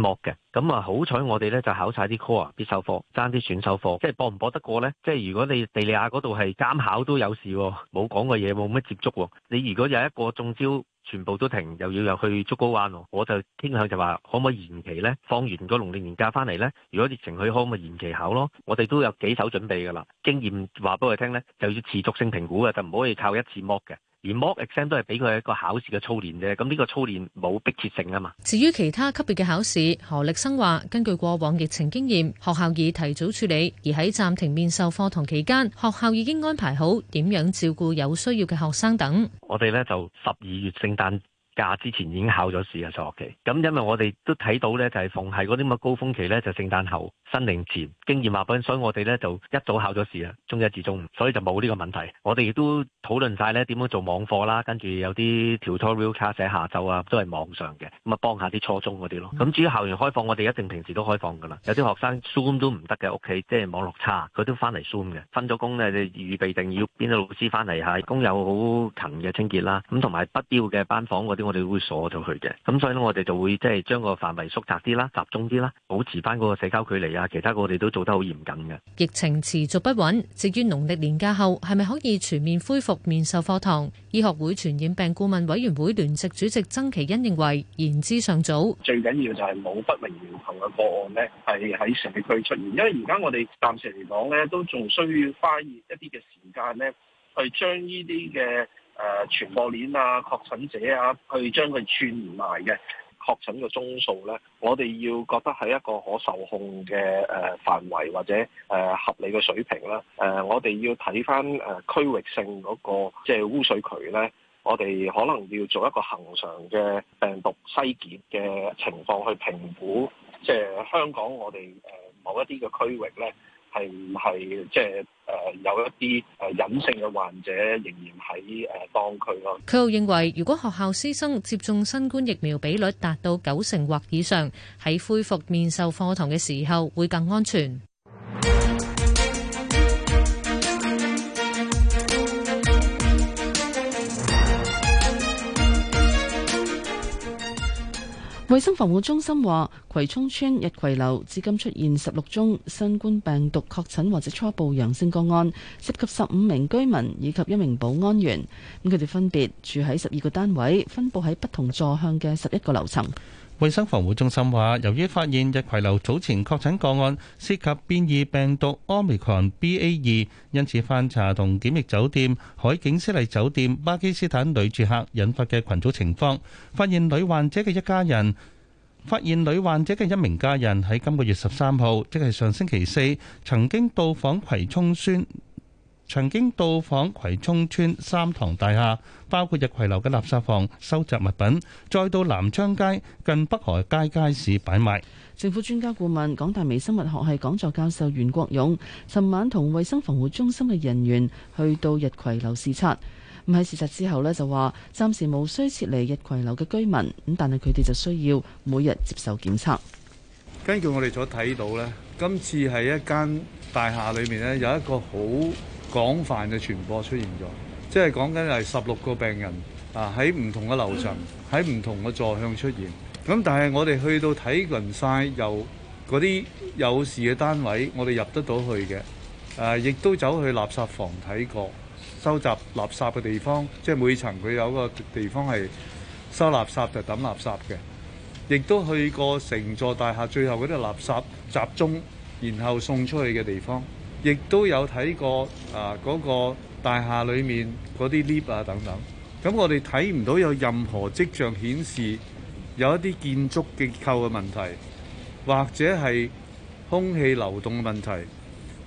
[SPEAKER 11] m 嘅，咁啊，好彩我哋咧就考晒啲 core 必修課，爭啲選修課，即係博唔博得過咧？即係如果你地利亞嗰度係監考都有事喎，冇講過嘢，冇乜接觸喎，你如果有一個中招。全部都停，又要又去竹篙灣咯。我就傾向就話，可唔可以延期呢？放完咗農曆年假翻嚟呢？如果疫情許可，可唔可以延期考咯。我哋都有幾手準備噶啦，經驗話俾佢聽呢，就要持續性評估嘅，就唔可以靠一次搏嘅。而 mock exam 都係俾佢一個考試嘅操練啫，咁呢個操練冇迫切性啊嘛。
[SPEAKER 9] 至於其他級別嘅考試，何力生話：，根據過往疫情經驗，學校已提早處理，而喺暫停面授課堂期間，學校已經安排好點樣照顧有需要嘅學生等。
[SPEAKER 11] 我哋咧就十二月聖誕。假之前已經考咗試啊，上學期。咁因為我哋都睇到呢，就係、是、逢喺嗰啲咁嘅高峰期呢，就聖誕後、新年前經驗物品，所以我哋呢，就一早考咗試啊，中一至中五，所以就冇呢個問題。我哋亦都討論晒呢點樣做網課啦，跟住有啲 tutorial class 下晝啊，都係網上嘅，咁啊幫下啲初中嗰啲咯。咁、嗯、至於校園開放，我哋一定平時都開放噶啦。有啲學生 Zoom 都唔得嘅，屋企即係網絡差，佢都翻嚟 Zoom 嘅。分咗工呢，預備定要邊個老師翻嚟係，工友好勤嘅清潔啦，咁同埋不要嘅班房嗰啲。我哋會鎖咗佢嘅，咁所以咧，我哋就會即係將個範圍縮窄啲啦，集中啲啦，保持翻嗰個社交距離啊，其他我哋都做得好嚴謹嘅。
[SPEAKER 9] 疫情持續不穩，至於農曆年假後係咪可以全面恢復面授課堂？醫學會傳染病顧問委員會聯席主席曾其恩認為，言之尚早。最緊要就係冇不明
[SPEAKER 5] 源頭嘅個案呢係喺社區出現。因為而家我哋暫時嚟講呢，都仲需要花一啲嘅時間呢去將呢啲嘅。誒傳播鏈啊，確診者啊，去將佢串埋嘅確診嘅宗數咧，我哋要覺得係一個可受控嘅誒、呃、範圍或者誒、呃、合理嘅水平啦。誒、
[SPEAKER 11] 呃，我哋
[SPEAKER 5] 要睇翻誒區域性嗰、那個即係污水渠咧，我哋可能要做一個恒常嘅病毒篩檢嘅情況去評估，即係香港我哋誒、呃、某一啲嘅區域咧。係唔係即係誒，有一啲誒隱性嘅患者仍然喺誒當佢咯。
[SPEAKER 9] 佢又認為，如果學校師生接種新冠疫苗比率達到九成或以上，喺恢復面授課堂嘅時候會更安全。
[SPEAKER 3] 衛生防護中心話，葵涌村日葵樓至今出現十六宗新冠病毒確診或者初步陽性個案，涉及十五名居民以及一名保安員。咁佢哋分別住喺十二個單位，分布喺不同座向嘅十一個樓層。
[SPEAKER 4] 衛生防護中心話，由於發現逸葵樓早前確診個案涉及變異病毒奧密克戎 BA.2，因此翻查同檢疫酒店海景絲麗酒店巴基斯坦女住客引發嘅群組情況，發現女患者嘅一家人，發現女患者嘅一名家人喺今個月十三號，即係上星期四，曾經到訪葵涌邨。曾經到訪葵涌村三塘大廈，包括日葵樓嘅垃圾房收集物品，再到南昌街近北河街街市擺賣。
[SPEAKER 3] 政府專家顧問、港大微生物學系講座教授袁國勇，尋晚同衛生防護中心嘅人員去到日葵樓視察，唔喺事實之後呢，就話暫時無需撤離日葵樓嘅居民，咁但係佢哋就需要每日接受檢測。
[SPEAKER 9] 根
[SPEAKER 15] 據我哋所睇到呢，今次喺一間大廈裏面呢，有一個好廣泛嘅傳播出現咗，即係講緊係十六個病人啊，喺唔同嘅樓層，喺唔同嘅座向出現。咁但係我哋去到睇完晒，由嗰啲有事嘅單位，我哋入得到去嘅，誒、啊、亦都走去垃圾房睇過收集垃圾嘅地方，即係每層佢有一個地方係收垃圾就抌垃圾嘅，亦都去過成座大廈最後嗰啲垃圾集中，然後送出去嘅地方。亦都有睇過啊，嗰個大廈裏面嗰啲 lift 啊，等等，咁我哋睇唔到有任何跡象顯示有一啲建築結構嘅問題，或者係空氣流動嘅問題，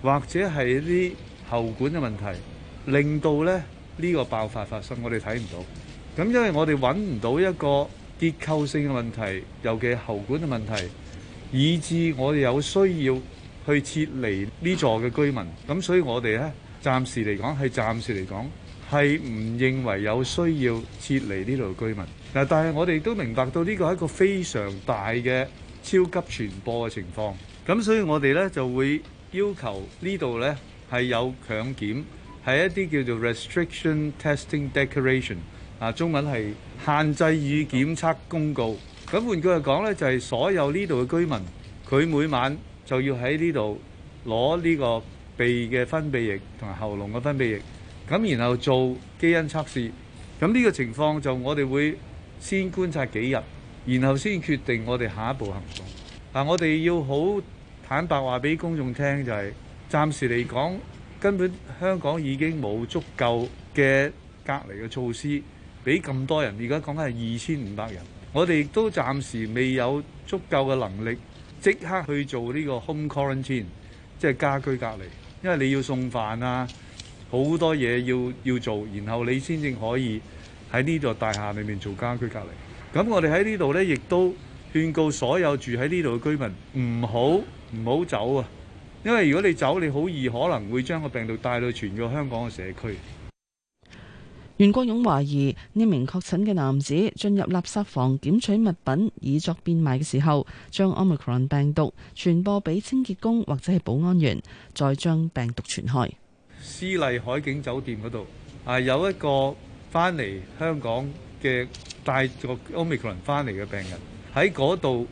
[SPEAKER 15] 或者係啲喉管嘅問題，令到咧呢個爆發發生，我哋睇唔到。咁因為我哋揾唔到一個結構性嘅問題，尤其喉管嘅問題，以致我哋有需要。去撤離呢座嘅居民，咁所以我哋呢，暫時嚟講係，暫時嚟講係唔認為有需要撤離呢度居民嗱，但係我哋都明白到呢個係一個非常大嘅超級傳播嘅情況，咁所以我哋呢，就會要求呢度呢，係有強檢，係一啲叫做 restriction testing declaration 啊，中文係限制與檢測公告。咁換句話講呢就係、是、所有呢度嘅居民佢每晚。就要喺呢度攞呢個鼻嘅分泌液同喉嚨嘅分泌液，咁然後做基因測試，咁呢個情況就我哋會先觀察幾日，然後先決定我哋下一步行動，嗱，我哋要好坦白話俾公眾聽，就是，就係暫時嚟講，根本香港已經冇足夠嘅隔離嘅措施，俾咁多人。而家講緊係二千五百人，我哋亦都暫時未有足夠嘅能力。即刻去做呢個 home quarantine，即係家居隔離，因為你要送飯啊，好多嘢要要做，然後你先至可以喺呢座大廈裏面做家居隔離。咁我哋喺呢度呢，亦都勸告所有住喺呢度嘅居民，唔好唔好走啊，因為如果你走，你好易可能會將個病毒帶到全個香港嘅社區。
[SPEAKER 3] 袁國勇懷疑呢名確診嘅男子進入垃圾房檢取物品，以作變賣嘅時候，將 omicron 病毒傳播俾清潔工或者係保安員，再將病毒傳開。
[SPEAKER 15] 絲麗海景酒店嗰度啊，有一個翻嚟香港嘅帶咗 omicron 翻嚟嘅病人喺嗰度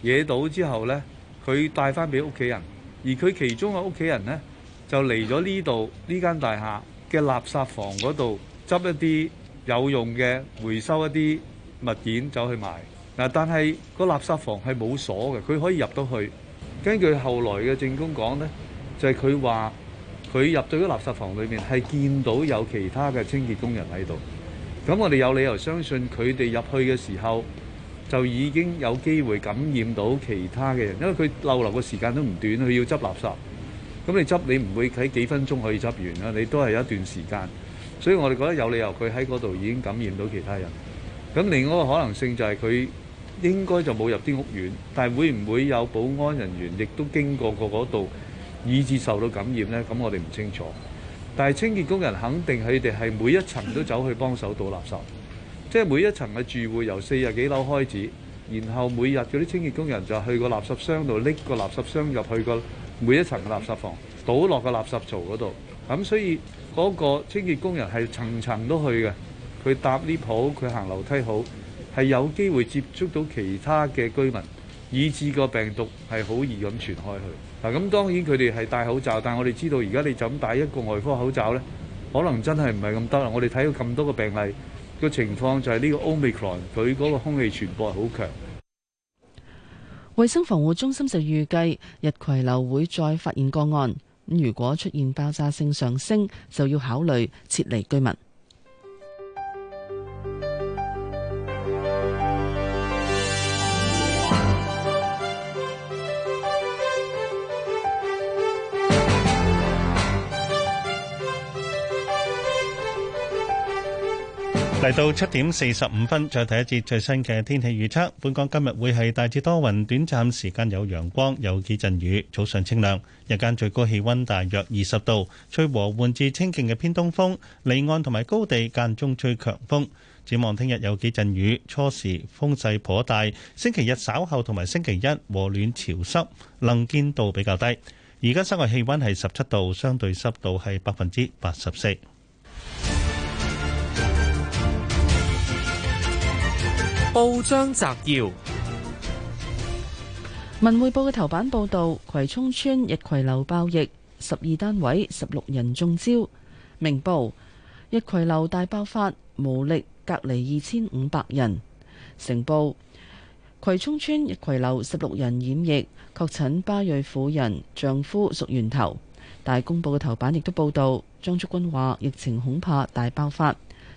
[SPEAKER 15] 惹到之後呢，佢帶翻俾屋企人，而佢其中嘅屋企人呢，就嚟咗呢度呢間大廈嘅垃圾房嗰度。執一啲有用嘅，回收一啲物件走去賣。嗱，但係個垃圾房係冇鎖嘅，佢可以入到去。根據後來嘅證供講呢就係佢話佢入到個垃圾房裏面係見到有其他嘅清潔工人喺度。咁我哋有理由相信佢哋入去嘅時候就已經有機會感染到其他嘅人，因為佢逗留嘅時間都唔短，佢要執垃圾。咁你執你唔會喺幾分鐘可以執完啦，你都係一段時間。所以我哋覺得有理由，佢喺嗰度已經感染到其他人。咁另外一個可能性就係佢應該就冇入啲屋苑，但係會唔會有保安人員亦都經過過嗰度，以至受到感染呢？咁我哋唔清楚。但係清潔工人肯定佢哋係每一層都走去幫手倒垃圾，即係每一層嘅住戶由四十幾樓開始，然後每日嗰啲清潔工人就去個垃圾箱度拎個垃圾箱入去個每一層嘅垃圾房，倒落個垃圾槽嗰度。咁所以。嗰個清潔工人係層層都去嘅，佢搭 lift 好，佢行樓梯好，係有機會接觸到其他嘅居民，以致個病毒係好易咁傳開去。嗱、嗯，咁當然佢哋係戴口罩，但係我哋知道而家你怎戴一個外科口罩呢？可能真係唔係咁得啦。我哋睇到咁多個病例個情況就係呢個 Omicron，佢嗰個空氣傳播係好強。
[SPEAKER 3] 衛生防護中心就預計日葵樓會再發現個案。咁如果出現爆炸性上升，就要考慮撤離居民。
[SPEAKER 4] 嚟到七點四十五分，再睇一節最新嘅天氣預測。本港今日會係大致多雲，短暫時間有陽光，有幾陣雨。早上清涼，日間最高氣温大約二十度，吹和緩至清勁嘅偏東風，離岸同埋高地間中吹強風。展望聽日有幾陣雨，初時風勢頗大。星期日稍後同埋星期一和暖潮濕，能見度比較低。而家室外氣温係十七度，相對濕度係百分之八十四。
[SPEAKER 14] 報章摘要：
[SPEAKER 3] 文匯報嘅頭版報道葵涌村逸葵樓爆疫，十二單位十六人中招。明報，逸葵樓大爆發，無力隔離二千五百人。成報，葵涌村逸葵樓十六人染疫，確診巴瑞婦人丈夫屬源頭。大公報嘅頭版亦都報道張竹君話疫情恐怕大爆發。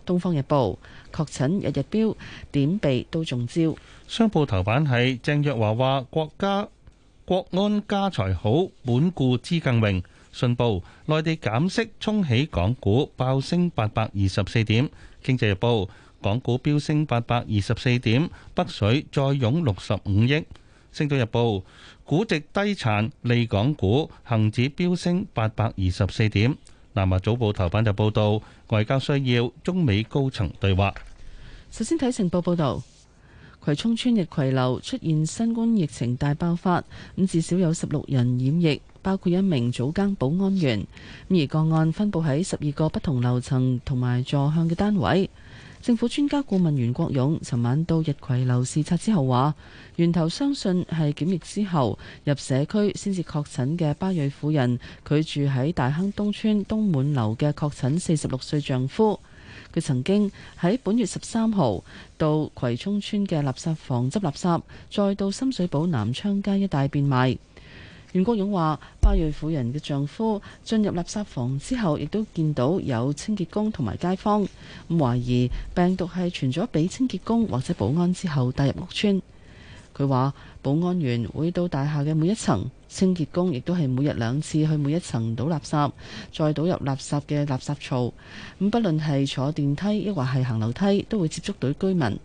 [SPEAKER 3] 東方日報，確診日日飆，點避都中招。商報頭版係鄭若驊話：國家國
[SPEAKER 4] 安家才好，本固資更榮。信報，內地減息沖起港股，爆升八百二十四點。經濟日報，港股飆升八百二十四點，北水再湧六十五億。星島日報，股值低殘，利港股恒指飆升八百二十四點。南華早報頭版就報道，外交需要中美高層對話。
[SPEAKER 3] 首先睇成報報道，葵涌村日葵樓出現新冠疫情大爆發，咁至少有十六人染疫，包括一名早更保安員。咁而個案分布喺十二個不同樓層同埋座向嘅單位。政府專家顧問袁國勇尋晚到日葵樓視察之後話，源頭相信係檢疫之後入社區先至確診嘅巴裔婦人，佢住喺大坑東村東滿樓嘅確診四十六歲丈夫，佢曾經喺本月十三號到葵涌村嘅垃圾房執垃圾，再到深水埗南昌街一帶變賣。袁國勇話：巴瑞婦人嘅丈夫進入垃圾房之後，亦都見到有清潔工同埋街坊，咁懷疑病毒係傳咗俾清潔工或者保安之後帶入屋邨。佢話保安員會到大廈嘅每一層，清潔工亦都係每日兩次去每一層倒垃圾，再倒入垃圾嘅垃圾槽。咁不論係坐電梯抑或係行樓梯，都會接觸到居民。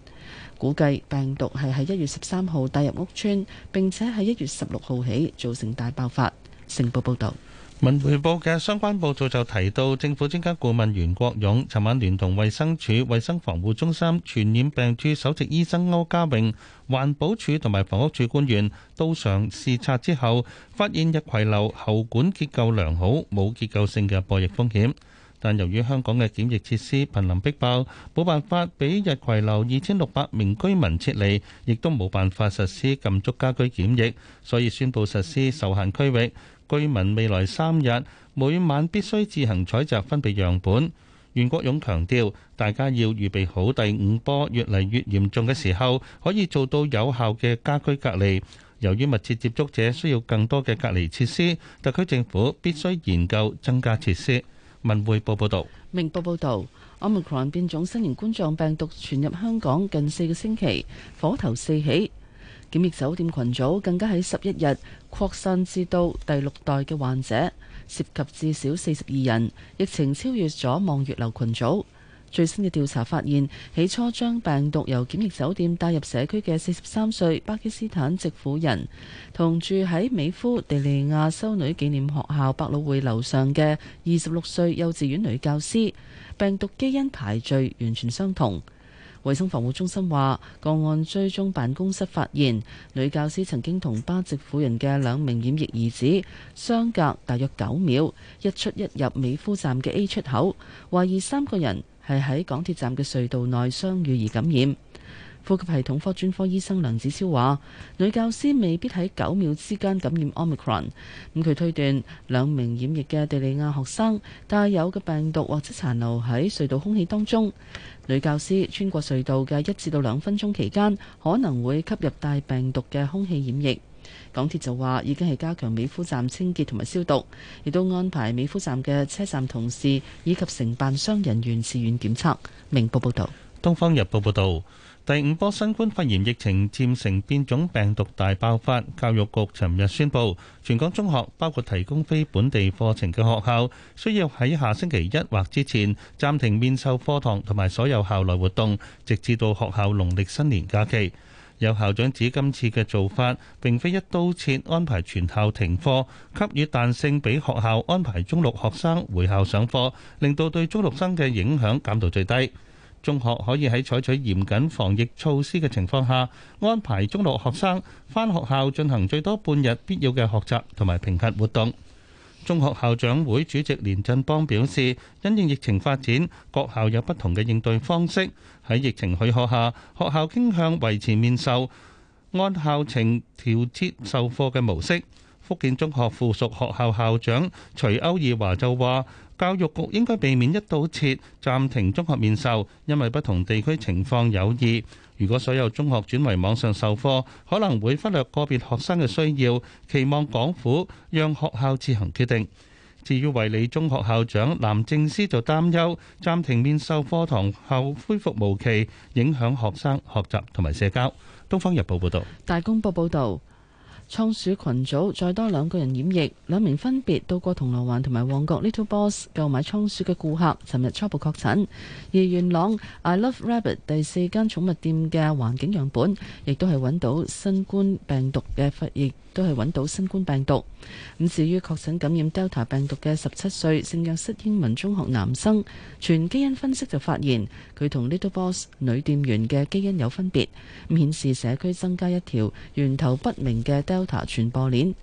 [SPEAKER 3] 估計病毒係喺一月十三號帶入屋村，並且喺一月十六號起造成大爆發。成報報道，文
[SPEAKER 4] 匯報嘅相關報道就，就提到，政府專家顧問袁國勇尋晚聯同衛生署衛生防護中心傳染病處首席醫生，生歐家榮、環保署同埋房屋署官員到場視察之後，發現日葵樓喉管結構良好，冇結構性嘅播逸風險。但由於香港嘅檢疫設施瀕臨逼爆，冇辦法俾日葵樓二千六百名居民撤離，亦都冇辦法實施禁足家居檢疫，所以宣布實施受限區域。居民未來三日每晚必須自行採集分泌樣本。袁國勇強調，大家要預備好第五波越嚟越嚴重嘅時候，可以做到有效嘅家居隔離。由於密切接觸者需要更多嘅隔離設施，特區政府必須研究增加設施。文匯報報道，
[SPEAKER 3] 明報報道，Omicron 變種新型冠狀病毒傳入香港近四個星期，火頭四起，檢疫酒店群組更加喺十一日擴散至到第六代嘅患者，涉及至少四十二人，疫情超越咗望月樓群組。最新嘅調查發現，起初將病毒由檢疫酒店帶入社區嘅四十三歲巴基斯坦籍婦人，同住喺美孚地利亞修女紀念學校百老匯樓上嘅二十六歲幼稚園女教師，病毒基因排序完全相同。衛生防護中心話，個案追蹤辦公室發現，女教師曾經同巴籍婦人嘅兩名檢疫，疫兒子相隔大約九秒，一出一入美孚站嘅 A 出口，懷疑三個人，係喺港鐵站嘅隧道內相遇而感染。呼吸系統科專科醫生梁子超話，女教師未必喺九秒之間感染 Omicron。咁佢推斷兩名染疫嘅地利亞學生帶有嘅病毒或者殘留喺隧道空氣當中，女教師穿過隧道嘅一至到兩分鐘期間，可能會吸入帶病毒嘅空氣染疫。港鐵就話已經係加強美孚站清潔同埋消毒，亦都安排美孚站嘅車站同事以及承辦商人員自願檢測。明報報道，
[SPEAKER 4] 《東方日報》報道，第五波新冠肺炎疫情漸成變種病毒大爆發。教育局尋日宣布，全港中學包括提供非本地課程嘅學校，需要喺下星期一或之前暫停面授課堂同埋所有校內活動，直至到學校農曆新年假期。有校長指今次嘅做法並非一刀切安排全校停課，給予彈性俾學校安排中六學生回校上課，令到對中六生嘅影響減到最低。中學可以喺採取嚴謹防疫措施嘅情況下，安排中六學生返學校進行最多半日必要嘅學習同埋評核活動。中學校長會主席連振邦表示，因應疫情發展，各校有不同嘅應對方式。喺疫情許可下，學校傾向維持面授，按校情調節授課嘅模式。福建中學附屬學校校長徐區懿華就話：教育局應該避免一刀切，暫停中學面授，因為不同地區情況有異。如果所有中學轉為網上授課，可能會忽略個別學生嘅需要，期望港府讓學校自行決定。至於維理中學校長藍正思就擔憂，暫停面授課堂後恢復無期，影響學生學習同埋社交。《東方日報》報導，
[SPEAKER 3] 《大公報》報導。倉鼠群組再多兩個人染疫，兩名分別到過銅鑼灣同埋旺角 Little Boss 購買倉鼠嘅顧客，尋日初步確診。而元朗 I Love Rabbit 第四間寵物店嘅環境樣本，亦都係揾到新冠病毒嘅肺炎。都係揾到新冠病毒咁。至於確診感染 Delta 病毒嘅十七歲聖約瑟英文中學男生，全基因分析就發現佢同 Little Boss 女店員嘅基因有分別，顯示社區增加一條源頭不明嘅 Delta 傳播鏈。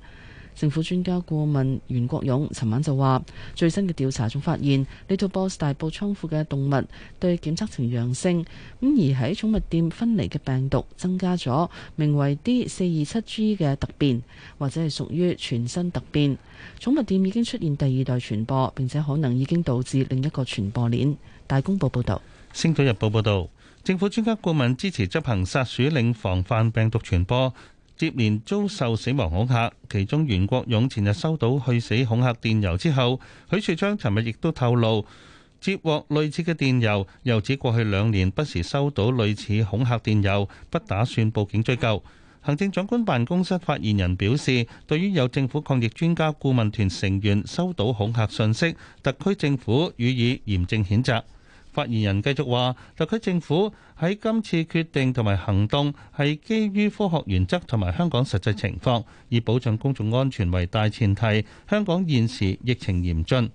[SPEAKER 3] 政府專家顧問袁國勇尋晚就話，最新嘅調查仲發現，Little Boss 大埔倉庫嘅動物對檢測呈陽性，咁而喺寵物店分離嘅病毒增加咗，名為 D 四二七 G 嘅突變，或者係屬於全新突變。寵物店已經出現第二代傳播，並且可能已經導致另一個傳播鏈。大公報報導，《
[SPEAKER 4] 星島日報》報導，政府專家顧問支持執行殺鼠令，防範病毒傳播。接連遭受死亡恐嚇，其中袁國勇前日收到去死恐嚇電郵之後，許樹昌尋日亦都透露接獲類似嘅電郵，又指過去兩年不時收到類似恐嚇電郵，不打算報警追究。行政長官辦公室發言人表示，對於有政府抗疫專家顧問團成員收到恐嚇信息，特區政府予以嚴正譴責。發言人繼續話：特區政府喺今次決定同埋行動係基於科學原則同埋香港實際情況，以保障公眾安全為大前提。香港現時疫情嚴峻，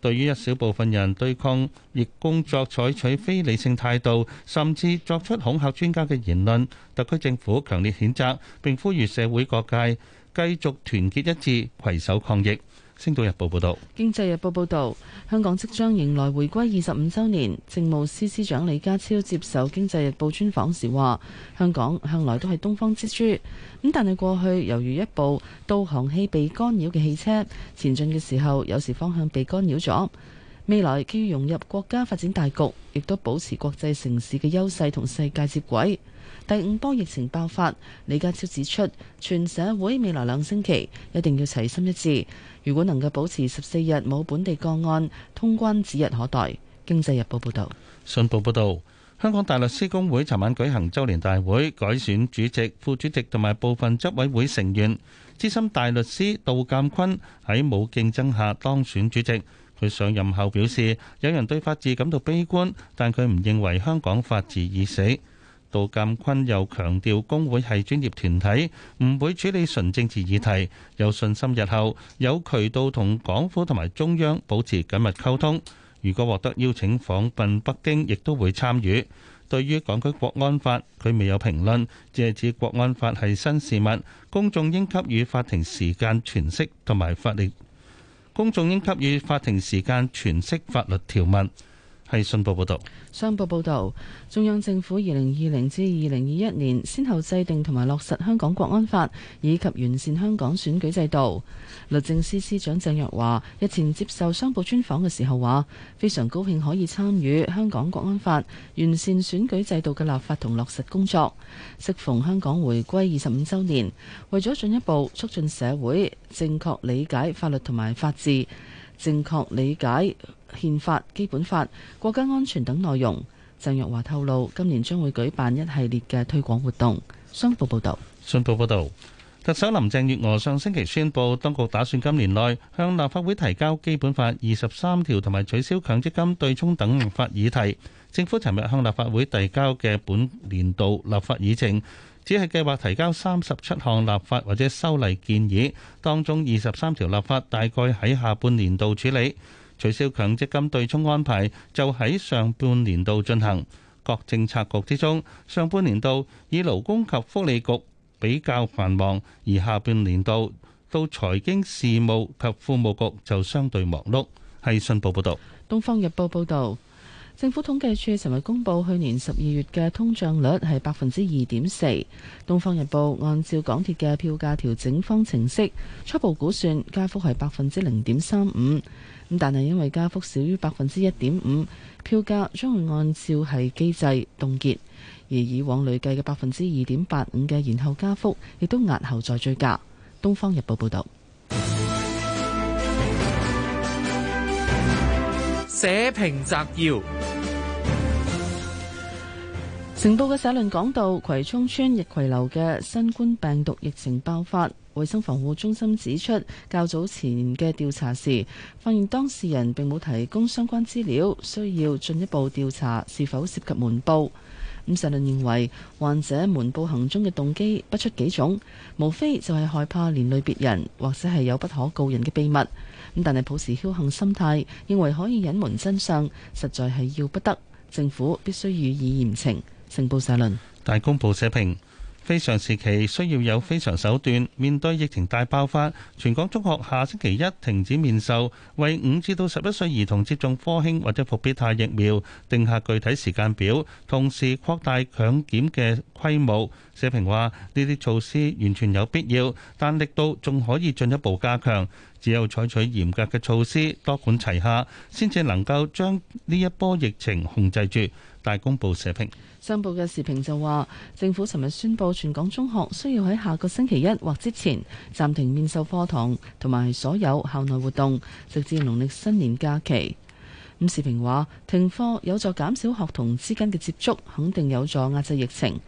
[SPEAKER 4] 對於一小部分人對抗疫工作採取非理性態度，甚至作出恐嚇專家嘅言論，特區政府強烈譴責，並呼籲社會各界繼續團結一致，攜手抗疫。《星島日報》報道，《
[SPEAKER 3] 經濟日報》報道，香港即將迎來回歸二十五周年。政務司司長李家超接受《經濟日報》專訪時話，香港向來都係東方之珠，咁但係過去猶如一部導航器被干擾嘅汽車前進嘅時候，有時方向被干擾咗。未來既要融入國家發展大局，亦都保持國際城市嘅優勢，同世界接軌。第五波疫情爆發，李家超指出，全社會未來兩星期一定要齊心一致。如果能夠保持十四日冇本地個案，通關指日可待。經濟日報報導，
[SPEAKER 4] 信報報導，香港大律師公會尋晚舉行周年大會，改選主席、副主席同埋部分執委會成員。資深大律師杜鑑坤喺冇競爭下當選主席。佢上任後表示，有人對法治感到悲觀，但佢唔認為香港法治已死。杜鑑坤又強調，工會係專業團體，唔會處理純政治議題，有信心日後有渠道同港府同埋中央保持緊密溝通。如果獲得邀請訪問北京，亦都會參與。對於港區國安法，佢未有評論，只係指國安法係新事物，公眾應給予法庭時間詮釋同埋法律，公眾應給予法庭時間詮釋法律條文。係信報報導，
[SPEAKER 3] 商報報導，中央政府二零二零至二零二一年，先後制定同埋落實香港國安法，以及完善香港選舉制度。律政司司長鄭若驊日前接受商報專訪嘅時候話，非常高興可以參與香港國安法完善選舉制度嘅立法同落實工作。適逢香港回歸二十五週年，為咗進一步促進社會正確理解法律同埋法治，正確理解。憲法、基本法、國家安全等內容。鄭若驊透露，今年將會舉辦一系列嘅推廣活動。商報報導，
[SPEAKER 4] 信報報導，特首林鄭月娥上星期宣布，當局打算今年內向立法會提交基本法二十三條同埋取消強積金對沖等立法議題。政府尋日向立法會遞交嘅本年度立法議程，只係計劃提交三十七項立法或者修例建議，當中二十三條立法大概喺下半年度處理。取消強積金對沖安排就喺上半年度進行。各政策局之中，上半年度以勞工及福利局比較繁忙，而下半年度到財經事務及庫務局就相對忙碌。係信報報道。
[SPEAKER 3] 《東方日報》報道，政府統計處尋日公布去年十二月嘅通脹率係百分之二點四。《東方日報》按照港鐵嘅票價調整方程式，初步估算加，加幅係百分之零點三五。咁但係因為加幅少於百分之一點五，票價將會按照係機制凍結，而以往累計嘅百分之二點八五嘅延後加幅亦都押後再追加。《東方日報》報道，社評摘要，成報嘅社論講到葵涌村逸葵樓嘅新冠病毒疫情爆發。衛生防護中心指出，較早前嘅調查時，發現當事人並冇提供相關資料，需要進一步調查是否涉及瞞報。咁社論認為，患者瞞報行蹤嘅動機不出幾種，無非就係害怕連累別人，或者係有不可告人嘅秘密。咁但係抱持僥幸心態，認為可以隱瞞真相，實在係要不得。政府必須予以嚴懲。成報社論，大
[SPEAKER 4] 公報社評。非常時期需要有非常手段。面對疫情大爆發，全港中學下星期一停止面授，為五至到十一歲兒童接種科興或者復必泰疫苗定下具體時間表，同時擴大強檢嘅規模。社評話呢啲措施完全有必要，但力度仲可以進一步加強，只有採取嚴格嘅措施，多管齊下，先至能夠將呢一波疫情控制住。大公報社評。
[SPEAKER 3] 商報嘅時評就話，政府尋日宣布，全港中學需要喺下個星期一或之前暫停面授課堂同埋所有校內活動，直至農曆新年假期。咁時評話，停課有助減少學童之間嘅接觸，肯定有助壓制疫情。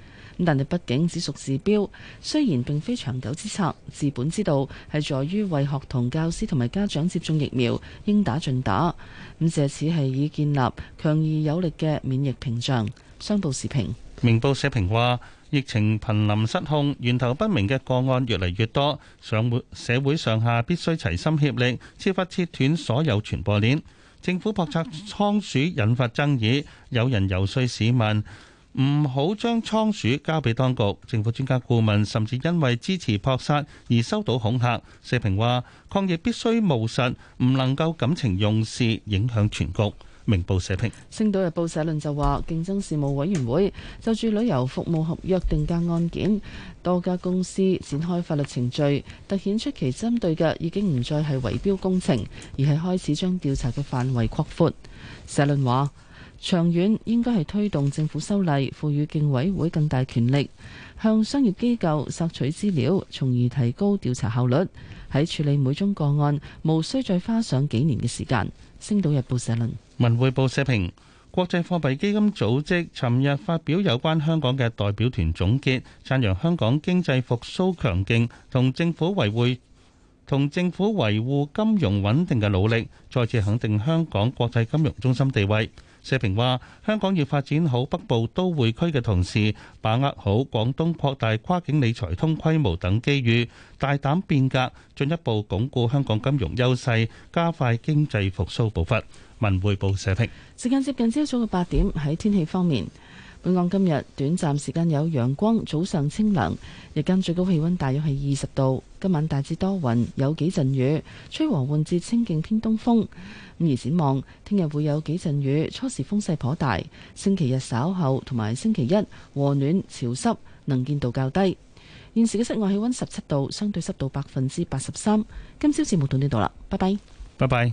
[SPEAKER 3] 但係畢竟只屬治標，雖然並非長久之策，治本之道係在於為學童、教師同埋家長接種疫苗，應打盡打。咁借此係以建立強而有力嘅免疫屏障。商報社評：
[SPEAKER 4] 明報社評話，疫情瀕臨失控，源頭不明嘅個案越嚟越多，上會社會上下必須齊心協力，設法切斷所有傳播鏈。政府撲殺倉鼠引發爭議，有人游說市民唔好將倉鼠交俾當局。政府專家顧問甚至因為支持撲殺而收到恐嚇。社評話，抗疫必須務實，唔能夠感情用事，影響全局。明報社評，
[SPEAKER 3] 星島日報社論就話，競爭事務委員會就住旅遊服務合約定價案件，多家公司展開法律程序，突顯出其針對嘅已經唔再係圍標工程，而係開始將調查嘅範圍擴闊。社論話，長遠應該，係推動政府修例，賦予競委會更大權力，向商業機構索取資料，從而提高調查效率，喺處理每宗個案無需再花上幾年嘅時間。《星島日報》社論，《文
[SPEAKER 4] 匯報》社評：國際貨幣基金組織尋日發表有關香港嘅代表團總結，讚揚香港經濟復甦強勁，同政府維護同政府維護金融穩定嘅努力，再次肯定香港國際金融中心地位。社評話，香港要發展好北部都會區嘅同時，把握好廣東擴大跨境理財通規模等機遇，大膽變革，進一步鞏固香港金融優勢，加快經濟復蘇步伐。文匯報社評。
[SPEAKER 3] 時間接近朝早嘅八點，喺天氣方面。本港今日短暫時間有陽光，早上清涼，日間最高氣溫大約係二十度。今晚大致多雲，有幾陣雨，吹和緩至清勁偏東風。咁而展望，聽日會有幾陣雨，初時風勢頗大。星期日稍後同埋星期一和暖潮濕，能見度較低。現時嘅室外氣溫十七度，相對濕度百分之八十三。今朝節目到呢度啦，拜拜，
[SPEAKER 5] 拜拜。